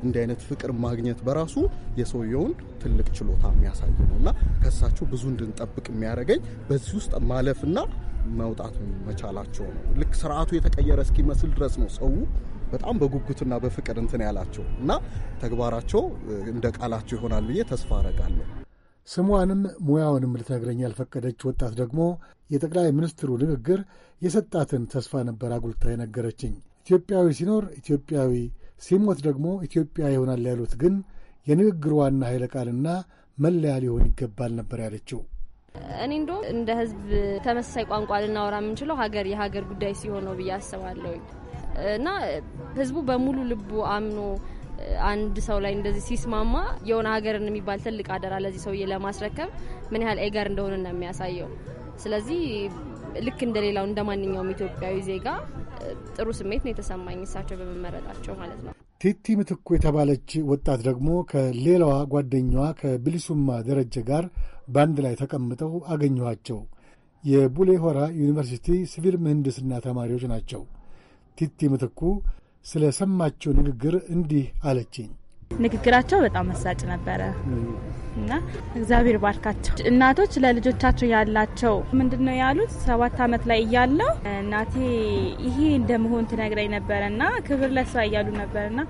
እንዲህ አይነት ፍቅር ማግኘት በራሱ የሰውየውን ትልቅ ችሎታ የሚያሳይ እና ከሳቸው ብዙ እንድንጠብቅ የሚያደርገኝ በዚህ ውስጥ ማለፍና መውጣት መቻላቸው ነው። ልክ ስርዓቱ የተቀየረ እስኪመስል ድረስ ነው ሰው በጣም በጉጉትና በፍቅር እንትን ያላቸው እና ተግባራቸው እንደ ቃላቸው ይሆናል ብዬ ተስፋ አረጋለሁ። ስሟንም ሙያውንም ልትነግረኝ ያልፈቀደች ወጣት ደግሞ የጠቅላይ ሚኒስትሩ ንግግር የሰጣትን ተስፋ ነበር አጉልታ የነገረችኝ። ኢትዮጵያዊ ሲኖር ኢትዮጵያዊ ሲሞት ደግሞ ኢትዮጵያ ይሆናል ያሉት ግን የንግግር ዋና ኃይለ ቃልና መለያ ሊሆን ይገባል ነበር ያለችው። እኔ እንደውም እንደ ህዝብ ተመሳሳይ ቋንቋ ልናወራ የምንችለው ሀገር የሀገር ጉዳይ ሲሆን ነው ብዬ አስባለሁ እና ህዝቡ በሙሉ ልቡ አምኖ አንድ ሰው ላይ እንደዚህ ሲስማማ የሆነ ሀገርን የሚባል ትልቅ አደራ ለዚህ ሰውዬ ለማስረከብ ምን ያህል ኤገር እንደሆነ ነው የሚያሳየው። ስለዚህ ልክ እንደሌላው እንደ ማንኛውም ኢትዮጵያዊ ዜጋ ጥሩ ስሜት ነው የተሰማኝ እሳቸው በመመረጣቸው ማለት ነው። ቲቲ ምትኩ የተባለች ወጣት ደግሞ ከሌላዋ ጓደኛዋ ከብሊሱማ ደረጀ ጋር በአንድ ላይ ተቀምጠው አገኘኋቸው። የቡሌ ሆራ ዩኒቨርሲቲ ሲቪል ምህንድስና ተማሪዎች ናቸው። ቲቲ ምትኩ ስለ ሰማችው ንግግር እንዲህ አለችኝ። ንግግራቸው በጣም መሳጭ ነበረ እና እግዚአብሔር ባርካቸው። እናቶች ለልጆቻቸው ያላቸው ምንድን ነው ያሉት? ሰባት ዓመት ላይ እያለው እናቴ ይሄ እንደመሆን ትነግረኝ ነበረ እና ክብር ለስራ እያሉ ነበር እና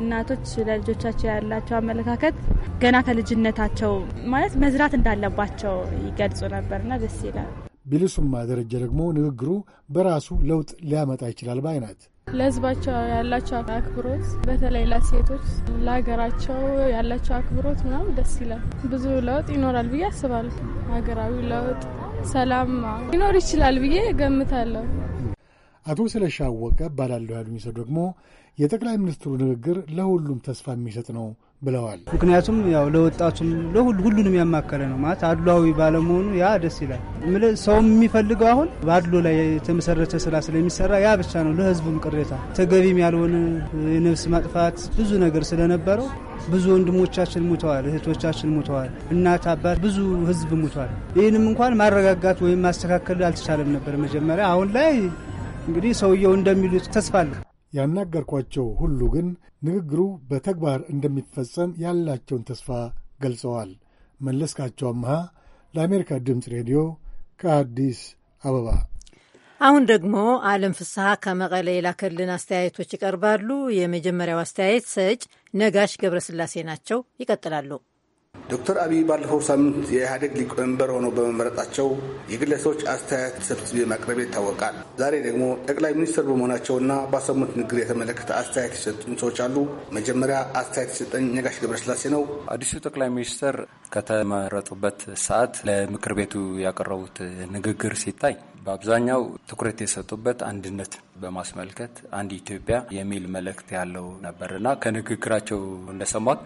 እናቶች ለልጆቻቸው ያላቸው አመለካከት ገና ከልጅነታቸው ማለት መዝራት እንዳለባቸው ይገልጹ ነበርና ደስ ይላል። ቢልሱማ ደረጀ ደግሞ ንግግሩ በራሱ ለውጥ ሊያመጣ ይችላል ባይ ናት። ለህዝባቸው ያላቸው አክብሮት፣ በተለይ ለሴቶች ለሀገራቸው ያላቸው አክብሮት ምናምን ደስ ይላል። ብዙ ለውጥ ይኖራል ብዬ አስባለሁ። ሀገራዊ ለውጥ፣ ሰላም ሊኖር ይችላል ብዬ ገምታለሁ። አቶ ስለሻወቀ አወቀ እባላለሁ ያሉኝ ሰው ደግሞ የጠቅላይ ሚኒስትሩ ንግግር ለሁሉም ተስፋ የሚሰጥ ነው ብለዋል። ምክንያቱም ያው ለወጣቱም ሁሉንም ያማከለ ነው ማለት አድሏዊ ባለመሆኑ ያ ደስ ይላል። ሰው የሚፈልገው አሁን በአድሎ ላይ የተመሰረተ ስራ ስለሚሰራ ያ ብቻ ነው። ለህዝቡም ቅሬታ ተገቢም ያልሆነ የነፍስ ማጥፋት ብዙ ነገር ስለነበረው ብዙ ወንድሞቻችን ሙተዋል፣ እህቶቻችን ሙተዋል፣ እናት አባት፣ ብዙ ህዝብ ሙተዋል። ይህንም እንኳን ማረጋጋት ወይም ማስተካከል አልተቻለም ነበር መጀመሪያ። አሁን ላይ እንግዲህ ሰውየው እንደሚሉት ተስፋ አለ። ያናገርኳቸው ሁሉ ግን ንግግሩ በተግባር እንደሚፈጸም ያላቸውን ተስፋ ገልጸዋል። መለስካቸው አምሃ ለአሜሪካ ድምፅ ሬዲዮ ከአዲስ አበባ። አሁን ደግሞ አለም ፍስሐ ከመቀለ የላከልን አስተያየቶች ይቀርባሉ። የመጀመሪያው አስተያየት ሰጭ ነጋሽ ገብረስላሴ ናቸው። ይቀጥላሉ። ዶክተር አብይ ባለፈው ሳምንት የኢህአዴግ ሊቀመንበር ሆነው በመመረጣቸው የግለሰቦች አስተያየት ሰብስቤ ማቅረብ ይታወቃል። ዛሬ ደግሞ ጠቅላይ ሚኒስትር በመሆናቸውና ባሰሙት ንግግር የተመለከተ አስተያየት የሰጡን ሰዎች አሉ። መጀመሪያ አስተያየት የሰጠኝ ነጋሽ ገብረስላሴ ነው። አዲሱ ጠቅላይ ሚኒስትር ከተመረጡበት ሰዓት ለምክር ቤቱ ያቀረቡት ንግግር ሲታይ በአብዛኛው ትኩረት የሰጡበት አንድነት በማስመልከት አንድ ኢትዮጵያ የሚል መልእክት ያለው ነበርና ከንግግራቸው እንደሰማት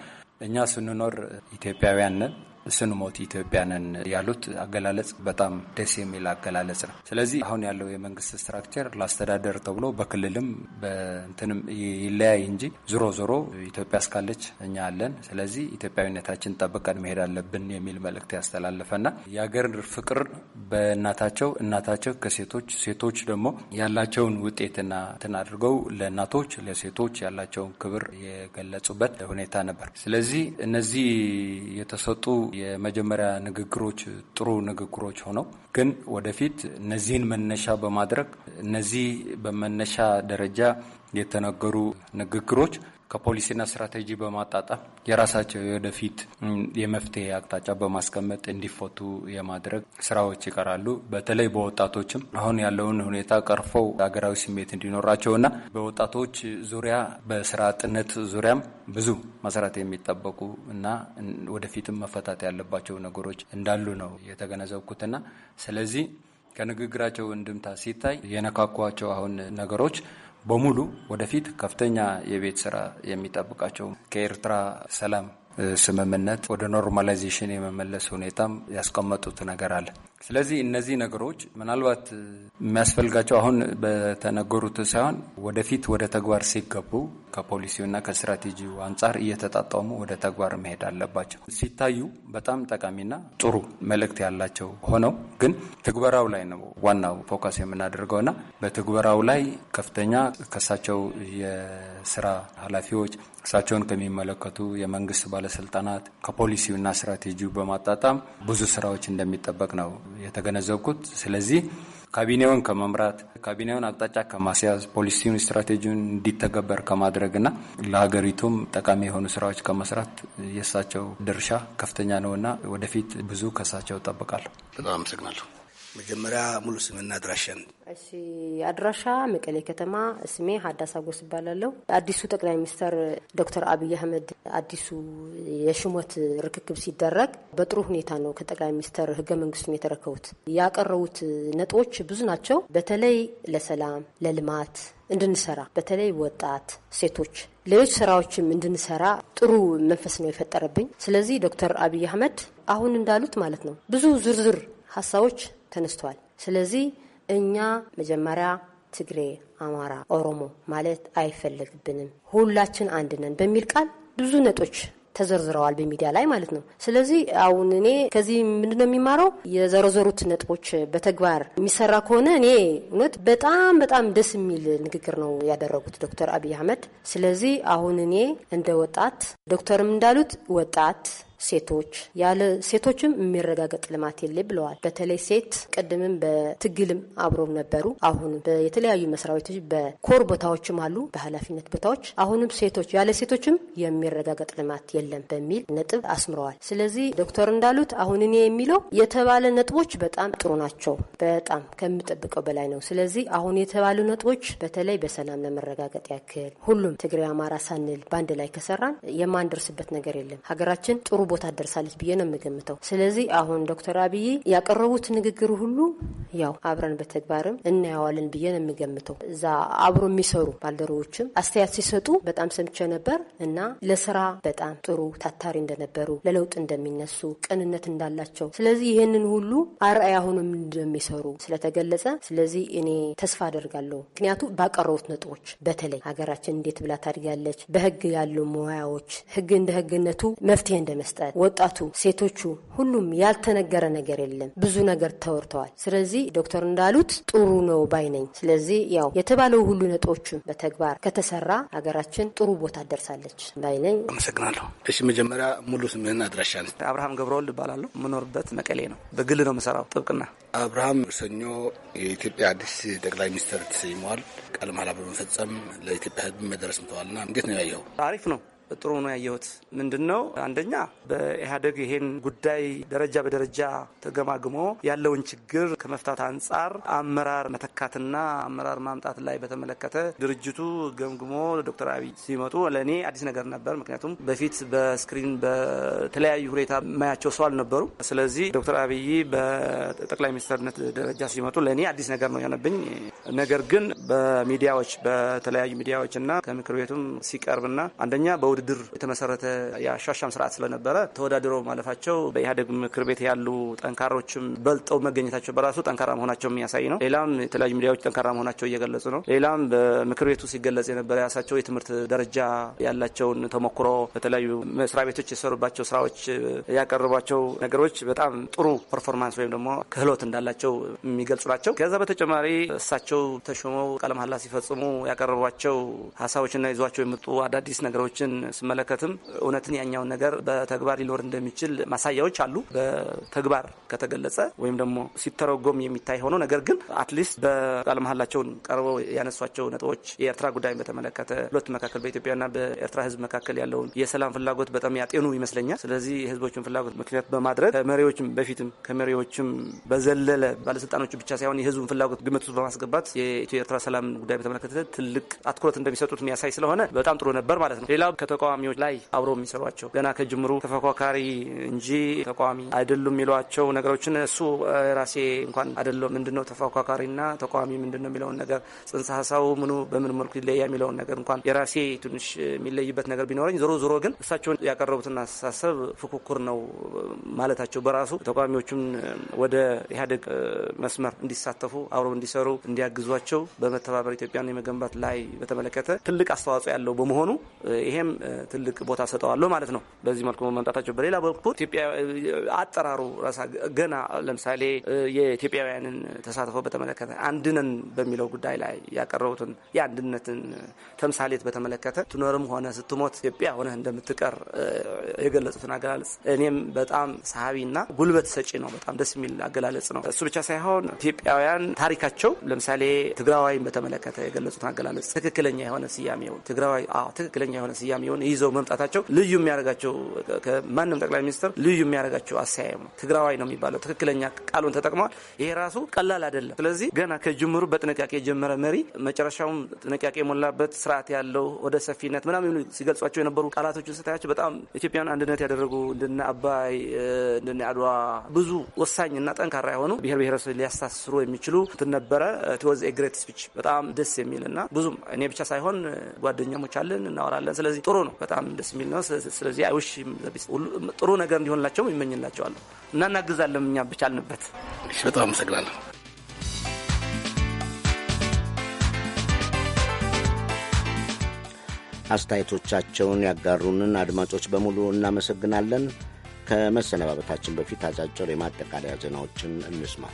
እኛ ስንኖር ኢትዮጵያውያን ነን። ስንሞት ኢትዮጵያንን ያሉት አገላለጽ በጣም ደስ የሚል አገላለጽ ነው። ስለዚህ አሁን ያለው የመንግስት ስትራክቸር ለአስተዳደር ተብሎ በክልልም በእንትንም ይለያይ እንጂ ዞሮ ዞሮ ኢትዮጵያ እስካለች እኛ አለን። ስለዚህ ኢትዮጵያዊነታችን ጠብቀን መሄድ አለብን የሚል መልእክት ያስተላለፈና የአገር ፍቅር በእናታቸው እናታቸው ከሴቶች ሴቶች ደግሞ ያላቸውን ውጤትና እንትን አድርገው ለእናቶች ለሴቶች ያላቸውን ክብር የገለጹበት ሁኔታ ነበር። ስለዚህ እነዚህ የተሰጡ የመጀመሪያ ንግግሮች ጥሩ ንግግሮች ሆነው ግን ወደፊት እነዚህን መነሻ በማድረግ እነዚህ በመነሻ ደረጃ የተነገሩ ንግግሮች ከፖሊሲና ስትራቴጂ በማጣጣም የራሳቸው የወደፊት የመፍትሄ አቅጣጫ በማስቀመጥ እንዲፈቱ የማድረግ ስራዎች ይቀራሉ። በተለይ በወጣቶችም አሁን ያለውን ሁኔታ ቀርፈው ሀገራዊ ስሜት እንዲኖራቸውና በወጣቶች ዙሪያ በስራ አጥነት ዙሪያም ብዙ መስራት የሚጠበቁ እና ወደፊትም መፈታት ያለባቸው ነገሮች እንዳሉ ነው የተገነዘብኩትና ስለዚህ ከንግግራቸው እንድምታ ሲታይ የነካኳቸው አሁን ነገሮች በሙሉ ወደፊት ከፍተኛ የቤት ስራ የሚጠብቃቸው ከኤርትራ ሰላም ስምምነት ወደ ኖርማላይዜሽን የመመለስ ሁኔታም ያስቀመጡት ነገር አለ። ስለዚህ እነዚህ ነገሮች ምናልባት የሚያስፈልጋቸው አሁን በተነገሩት ሳይሆን ወደፊት ወደ ተግባር ሲገቡ ከፖሊሲውና ከስትራቴጂው አንጻር እየተጣጣሙ ወደ ተግባር መሄድ አለባቸው። ሲታዩ በጣም ጠቃሚና ጥሩ መልእክት ያላቸው ሆነው ግን ትግበራው ላይ ነው ዋናው ፎከስ የምናደርገውና በትግበራው ላይ ከፍተኛ ከሳቸው የስራ ኃላፊዎች እሳቸውን ከሚመለከቱ የመንግስት ባለስልጣናት ከፖሊሲውና ስትራቴጂው በማጣጣም ብዙ ስራዎች እንደሚጠበቅ ነው የተገነዘብኩት። ስለዚህ ካቢኔውን ከመምራት ካቢኔውን አቅጣጫ ከማስያዝ ፖሊሲውን፣ ስትራቴጂውን እንዲተገበር ከማድረግና ለሀገሪቱም ጠቃሚ የሆኑ ስራዎች ከመስራት የእሳቸው ድርሻ ከፍተኛ ነውና ወደፊት ብዙ ከእሳቸው እጠብቃለሁ። በጣም አመሰግናለሁ። መጀመሪያ ሙሉ ስምና አድራሻ እሺ፣ አድራሻ መቀሌ ከተማ። ስሜ ሀዳሳ ጎስ ይባላለሁ። አዲሱ ጠቅላይ ሚኒስተር ዶክተር አብይ አህመድ አዲሱ የሹመት ርክክብ ሲደረግ በጥሩ ሁኔታ ነው ከጠቅላይ ሚኒስተር ህገ መንግስቱን የተረከቡት። ያቀረቡት ነጥቦች ብዙ ናቸው። በተለይ ለሰላም ለልማት እንድንሰራ በተለይ ወጣት፣ ሴቶች፣ ሌሎች ስራዎችም እንድንሰራ ጥሩ መንፈስ ነው የፈጠረብኝ። ስለዚህ ዶክተር አብይ አህመድ አሁን እንዳሉት ማለት ነው ብዙ ዝርዝር ሀሳቦች ተነስቷል። ስለዚህ እኛ መጀመሪያ ትግሬ፣ አማራ፣ ኦሮሞ ማለት አይፈለግብንም ሁላችን አንድ ነን በሚል ቃል ብዙ ነጦች ተዘርዝረዋል በሚዲያ ላይ ማለት ነው። ስለዚህ አሁን እኔ ከዚህ ምንድን ነው የሚማረው? የዘረዘሩት ነጥቦች በተግባር የሚሰራ ከሆነ እኔ እውነት በጣም በጣም ደስ የሚል ንግግር ነው ያደረጉት ዶክተር አብይ አህመድ። ስለዚህ አሁን እኔ እንደ ወጣት ዶክተርም እንዳሉት ወጣት ሴቶች ያለ ሴቶችም የሚረጋገጥ ልማት የለ ብለዋል። በተለይ ሴት ቅድምም በትግልም አብሮም ነበሩ። አሁን የተለያዩ መስሪያ ቤቶች በኮር ቦታዎችም አሉ፣ በኃላፊነት ቦታዎች አሁንም ሴቶች ያለ ሴቶችም የሚረጋገጥ ልማት የለም በሚል ነጥብ አስምረዋል። ስለዚህ ዶክተር እንዳሉት አሁን እኔ የሚለው የተባለ ነጥቦች በጣም ጥሩ ናቸው። በጣም ከምጠብቀው በላይ ነው። ስለዚህ አሁን የተባሉ ነጥቦች በተለይ በሰላም ለመረጋገጥ ያክል ሁሉም ትግሬ፣ አማራ ሳንል በአንድ ላይ ከሰራን የማንደርስበት ነገር የለም። ሀገራችን ጥሩ ቦታ ደርሳለች ብዬ ነው የምገምተው። ስለዚህ አሁን ዶክተር አብይ ያቀረቡት ንግግር ሁሉ ያው አብረን በተግባርም እናየዋለን ብዬ ነው የምገምተው። እዛ አብሮ የሚሰሩ ባልደረቦችም አስተያየት ሲሰጡ በጣም ሰምቼ ነበር እና ለስራ በጣም ጥሩ ታታሪ እንደነበሩ፣ ለለውጥ እንደሚነሱ፣ ቅንነት እንዳላቸው ስለዚህ ይህንን ሁሉ አርአያ ሆኖም እንደሚሰሩ ስለተገለጸ ስለዚህ እኔ ተስፋ አደርጋለሁ። ምክንያቱም ባቀረቡት ነጥቦች በተለይ ሀገራችን እንዴት ብላ ታድጋለች፣ በህግ ያሉ ሙያዎች ህግ እንደ ህግነቱ መፍትሄ እንደመስጠት መስጠት፣ ወጣቱ፣ ሴቶቹ፣ ሁሉም ያልተነገረ ነገር የለም። ብዙ ነገር ተወርተዋል። ስለዚህ ዶክተር እንዳሉት ጥሩ ነው ባይ ነኝ። ስለዚህ ያው የተባለው ሁሉ ነጥቦቹን በተግባር ከተሰራ ሀገራችን ጥሩ ቦታ ደርሳለች ባይ ነኝ። አመሰግናለሁ። እሺ፣ መጀመሪያ ሙሉ ስምህን አድራሻ ነ አብርሃም ገብረወልድ እባላለሁ። የምኖርበት መቀሌ ነው። በግል ነው የምሰራው ጥብቅና። አብርሃም ሰኞ የኢትዮጵያ አዲስ ጠቅላይ ሚኒስትር ተሰይመዋል። ቃለ መሃላ በመፈጸም ለኢትዮጵያ ህዝብ መደረስ ምተዋልና እንዴት ነው ያየው? አሪፍ ነው። ጥሩ ነው ያየሁት። ምንድን ነው አንደኛ በኢህአዴግ ይሄን ጉዳይ ደረጃ በደረጃ ተገማግሞ ያለውን ችግር ከመፍታት አንጻር አመራር መተካትና አመራር ማምጣት ላይ በተመለከተ ድርጅቱ ገምግሞ ዶክተር አብይ ሲመጡ ለእኔ አዲስ ነገር ነበር። ምክንያቱም በፊት በስክሪን በተለያዩ ሁኔታ ማያቸው ሰው አልነበሩ። ስለዚህ ዶክተር አብይ በጠቅላይ ሚኒስትርነት ደረጃ ሲመጡ ለእኔ አዲስ ነገር ነው የሆነብኝ። ነገር ግን በሚዲያዎች በተለያዩ ሚዲያዎች እና ከምክር ቤቱም ሲቀርብና አንደኛ በ በውድድር የተመሰረተ የአሻሻም ስርዓት ስለነበረ ተወዳድረው ማለፋቸው በኢህአዴግ ምክር ቤት ያሉ ጠንካሮችም በልጠው መገኘታቸው በራሱ ጠንካራ መሆናቸው የሚያሳይ ነው። ሌላም የተለያዩ ሚዲያዎች ጠንካራ መሆናቸው እየገለጹ ነው። ሌላም በምክር ቤቱ ሲገለጽ የነበረ የራሳቸው የትምህርት ደረጃ ያላቸውን ተሞክሮ በተለያዩ መስሪያ ቤቶች የሰሩባቸው ስራዎች ያቀረቧቸው ነገሮች በጣም ጥሩ ፐርፎርማንስ ወይም ደግሞ ክህሎት እንዳላቸው የሚገልጹ ናቸው። ከዛ በተጨማሪ እሳቸው ተሾመው ቃለ መሐላ ሲፈጽሙ ያቀረቧቸው ሀሳቦችና ይዟቸው የመጡ አዳዲስ ነገሮችን ስመለከትም እውነትን ያኛውን ነገር በተግባር ሊኖር እንደሚችል ማሳያዎች አሉ። በተግባር ከተገለጸ ወይም ደግሞ ሲተረጎም የሚታይ ሆኖ ነገር ግን አትሊስት በቃለ መሀላቸውን ቀርበው ያነሷቸው ነጥቦች የኤርትራ ጉዳይን በተመለከተ ሁለቱ መካከል በኢትዮጵያና በኤርትራ ህዝብ መካከል ያለውን የሰላም ፍላጎት በጣም ያጤኑ ይመስለኛል። ስለዚህ የህዝቦችን ፍላጎት ምክንያት በማድረግ ከመሪዎችም በፊትም ከመሪዎችም በዘለለ ባለስልጣኖች ብቻ ሳይሆን የህዝቡን ፍላጎት ግምት ውስጥ በማስገባት የኢትዮ ኤርትራ ሰላም ጉዳይ በተመለከተ ትልቅ አትኩረት እንደሚሰጡት የሚያሳይ ስለሆነ በጣም ጥሩ ነበር ማለት ነው። ሌላው ተቃዋሚዎች ላይ አብሮ የሚሰሯቸው ገና ከጅምሩ ተፎካካሪ እንጂ ተቃዋሚ አይደሉም የሚሏቸው ነገሮችን እሱ ራሴ እንኳን አይደለም ምንድነው ተፎካካሪና ተቃዋሚ ምንድነው የሚለውን ነገር ጽንሰ ሀሳቡ ምኑ በምን መልኩ ይለያ የሚለውን ነገር እንኳን የራሴ ትንሽ የሚለይበት ነገር ቢኖረኝ ዞሮ ዞሮ ግን እሳቸውን ያቀረቡትን አስተሳሰብ ፉክክር ነው ማለታቸው በራሱ ተቃዋሚዎቹን ወደ ኢህአዴግ መስመር እንዲሳተፉ አብረው እንዲሰሩ እንዲያግዟቸው በመተባበር ኢትዮጵያን የመገንባት ላይ በተመለከተ ትልቅ አስተዋጽኦ ያለው በመሆኑ ይሄም ትልቅ ቦታ ሰጠዋለሁ ማለት ነው። በዚህ መልኩ መምጣታቸው። በሌላ በኩል ኢትዮጵያ አጠራሩ ራሳ ገና ለምሳሌ የኢትዮጵያውያንን ተሳትፎ በተመለከተ አንድነን በሚለው ጉዳይ ላይ ያቀረቡትን የአንድነትን ተምሳሌት በተመለከተ ትኖርም ሆነ ስትሞት ኢትዮጵያ ሆነህ እንደምትቀር የገለጹትን አገላለጽ እኔም በጣም ሰሀቢና ጉልበት ሰጪ ነው። በጣም ደስ የሚል አገላለጽ ነው። እሱ ብቻ ሳይሆን ኢትዮጵያውያን ታሪካቸው ለምሳሌ ትግራዋይን በተመለከተ የገለጹትን አገላለጽ ትክክለኛ የሆነ ስያሜ ትግራዋይ ትክክለኛ የሆነ ስያሜውን ያላቸውን ይዘው መምጣታቸው ልዩ የሚያደርጋቸው ከማንም ጠቅላይ ሚኒስትር ልዩ የሚያደርጋቸው አስተያየም ነው። ትግራዋይ ነው የሚባለው ትክክለኛ ቃሉን ተጠቅመዋል። ይሄ ራሱ ቀላል አይደለም። ስለዚህ ገና ከጅምሩ በጥንቃቄ የጀመረ መሪ መጨረሻውም ጥንቃቄ የሞላበት ስርዓት ያለው ወደ ሰፊነት ምናምን ሲገልጿቸው የነበሩ ቃላቶችን ስታያቸው በጣም ኢትዮጵያን አንድነት ያደረጉ እንደነ አባይ እንደነ አድዋ ብዙ ወሳኝና ጠንካራ የሆኑ ብሔር ብሔረሰብ ሊያሳስሩ የሚችሉ ነበረ። ትወዝ ግሬት ስፒች በጣም ደስ እና ብዙም እኔ ብቻ ሳይሆን ጓደኛሞች አለን እናወራለን። ስለዚህ ጥሩ ነው። በጣም ደስ የሚል ነው። ስለዚህ አይውሽ ጥሩ ነገር እንዲሆንላቸውም ይመኝላቸዋሉ እና እናግዛለን እኛ ብቻልንበት። በጣም አመሰግናለሁ። አስተያየቶቻቸውን ያጋሩንን አድማጮች በሙሉ እናመሰግናለን። ከመሰነባበታችን በፊት አጫጭር የማጠቃለያ ዜናዎችን እንስማ።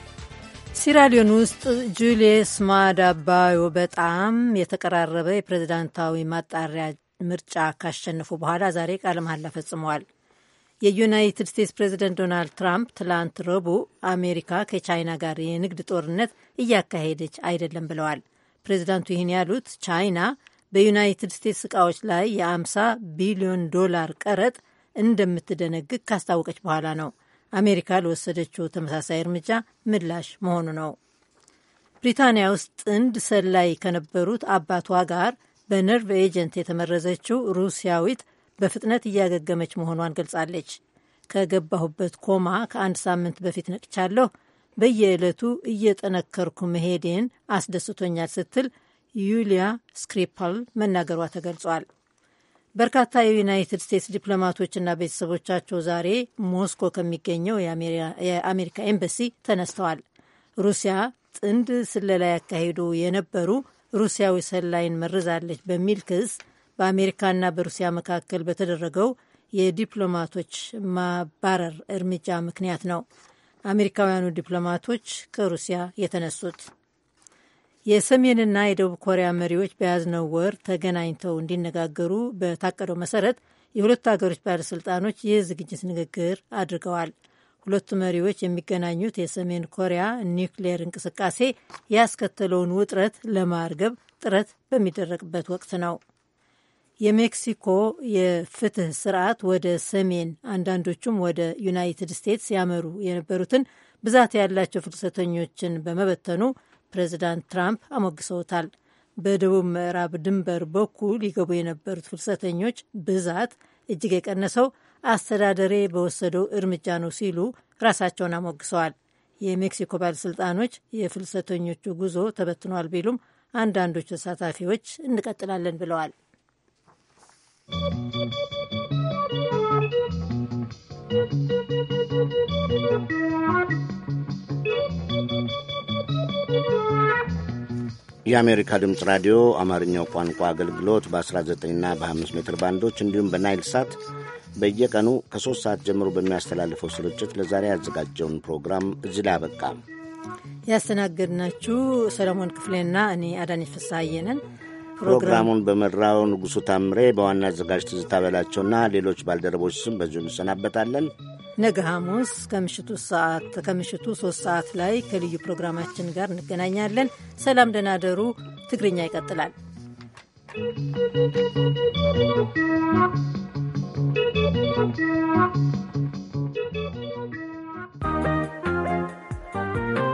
ሲራሊዮን ውስጥ ጁልየስ ማዳ ባዮ በጣም የተቀራረበ የፕሬዝዳንታዊ ማጣሪያ ምርጫ ካሸነፉ በኋላ ዛሬ ቃለ መሐላ ፈጽመዋል። የዩናይትድ ስቴትስ ፕሬዚደንት ዶናልድ ትራምፕ ትላንት ረቡዕ አሜሪካ ከቻይና ጋር የንግድ ጦርነት እያካሄደች አይደለም ብለዋል። ፕሬዚዳንቱ ይህን ያሉት ቻይና በዩናይትድ ስቴትስ እቃዎች ላይ የ50 ቢሊዮን ዶላር ቀረጥ እንደምትደነግግ ካስታወቀች በኋላ ነው። አሜሪካ ለወሰደችው ተመሳሳይ እርምጃ ምላሽ መሆኑ ነው። ብሪታንያ ውስጥ ጥንድ ሰላይ ከነበሩት አባቷ ጋር በነርቭ ኤጀንት የተመረዘችው ሩሲያዊት በፍጥነት እያገገመች መሆኗን ገልጻለች። ከገባሁበት ኮማ ከአንድ ሳምንት በፊት ነቅቻለሁ። በየዕለቱ እየጠነከርኩ መሄዴን አስደስቶኛል ስትል ዩሊያ ስክሪፓል መናገሯ ተገልጿል። በርካታ የዩናይትድ ስቴትስ ዲፕሎማቶችና ቤተሰቦቻቸው ዛሬ ሞስኮ ከሚገኘው የአሜሪካ ኤምባሲ ተነስተዋል። ሩሲያ ጥንድ ስለላ ያካሄዱ የነበሩ ሩሲያዊ ሰላይን መርዛለች በሚል ክስ በአሜሪካና በሩሲያ መካከል በተደረገው የዲፕሎማቶች ማባረር እርምጃ ምክንያት ነው አሜሪካውያኑ ዲፕሎማቶች ከሩሲያ የተነሱት። የሰሜንና የደቡብ ኮሪያ መሪዎች በያዝነው ወር ተገናኝተው እንዲነጋገሩ በታቀደው መሰረት የሁለቱ ሀገሮች ባለሥልጣኖች የዝግጅት ንግግር አድርገዋል። ሁለቱ መሪዎች የሚገናኙት የሰሜን ኮሪያ ኒውክሌር እንቅስቃሴ ያስከተለውን ውጥረት ለማርገብ ጥረት በሚደረግበት ወቅት ነው። የሜክሲኮ የፍትህ ስርዓት ወደ ሰሜን አንዳንዶቹም ወደ ዩናይትድ ስቴትስ ያመሩ የነበሩትን ብዛት ያላቸው ፍልሰተኞችን በመበተኑ ፕሬዚዳንት ትራምፕ አሞግሰውታል። በደቡብ ምዕራብ ድንበር በኩል ይገቡ የነበሩት ፍልሰተኞች ብዛት እጅግ የቀነሰው አስተዳደሬ በወሰደው እርምጃ ነው ሲሉ ራሳቸውን አሞግሰዋል። የሜክሲኮ ባለሥልጣኖች የፍልሰተኞቹ ጉዞ ተበትኗል ቢሉም አንዳንዶቹ ተሳታፊዎች እንቀጥላለን ብለዋል። የአሜሪካ ድምፅ ራዲዮ አማርኛው ቋንቋ አገልግሎት በ19ና በ5 ሜትር ባንዶች እንዲሁም በናይል ሳት በየቀኑ ከሦስት ሰዓት ጀምሮ በሚያስተላልፈው ስርጭት ለዛሬ ያዘጋጀውን ፕሮግራም እዚህ ላይ አበቃ። ያስተናገድናችሁ ሰለሞን ክፍሌና እኔ አዳነች ፍስሐዬ ፕሮግራሙን በመራው ንጉሡ ታምሬ፣ በዋና አዘጋጅ ትዝታ በላቸውና ሌሎች ባልደረቦች ስም በዚሁ እንሰናበታለን። ነገ ሐሙስ ከምሽቱ ሰዓት ከምሽቱ ሶስት ሰዓት ላይ ከልዩ ፕሮግራማችን ጋር እንገናኛለን። ሰላም ደህና ደሩ። ትግርኛ ይቀጥላል። Thank you.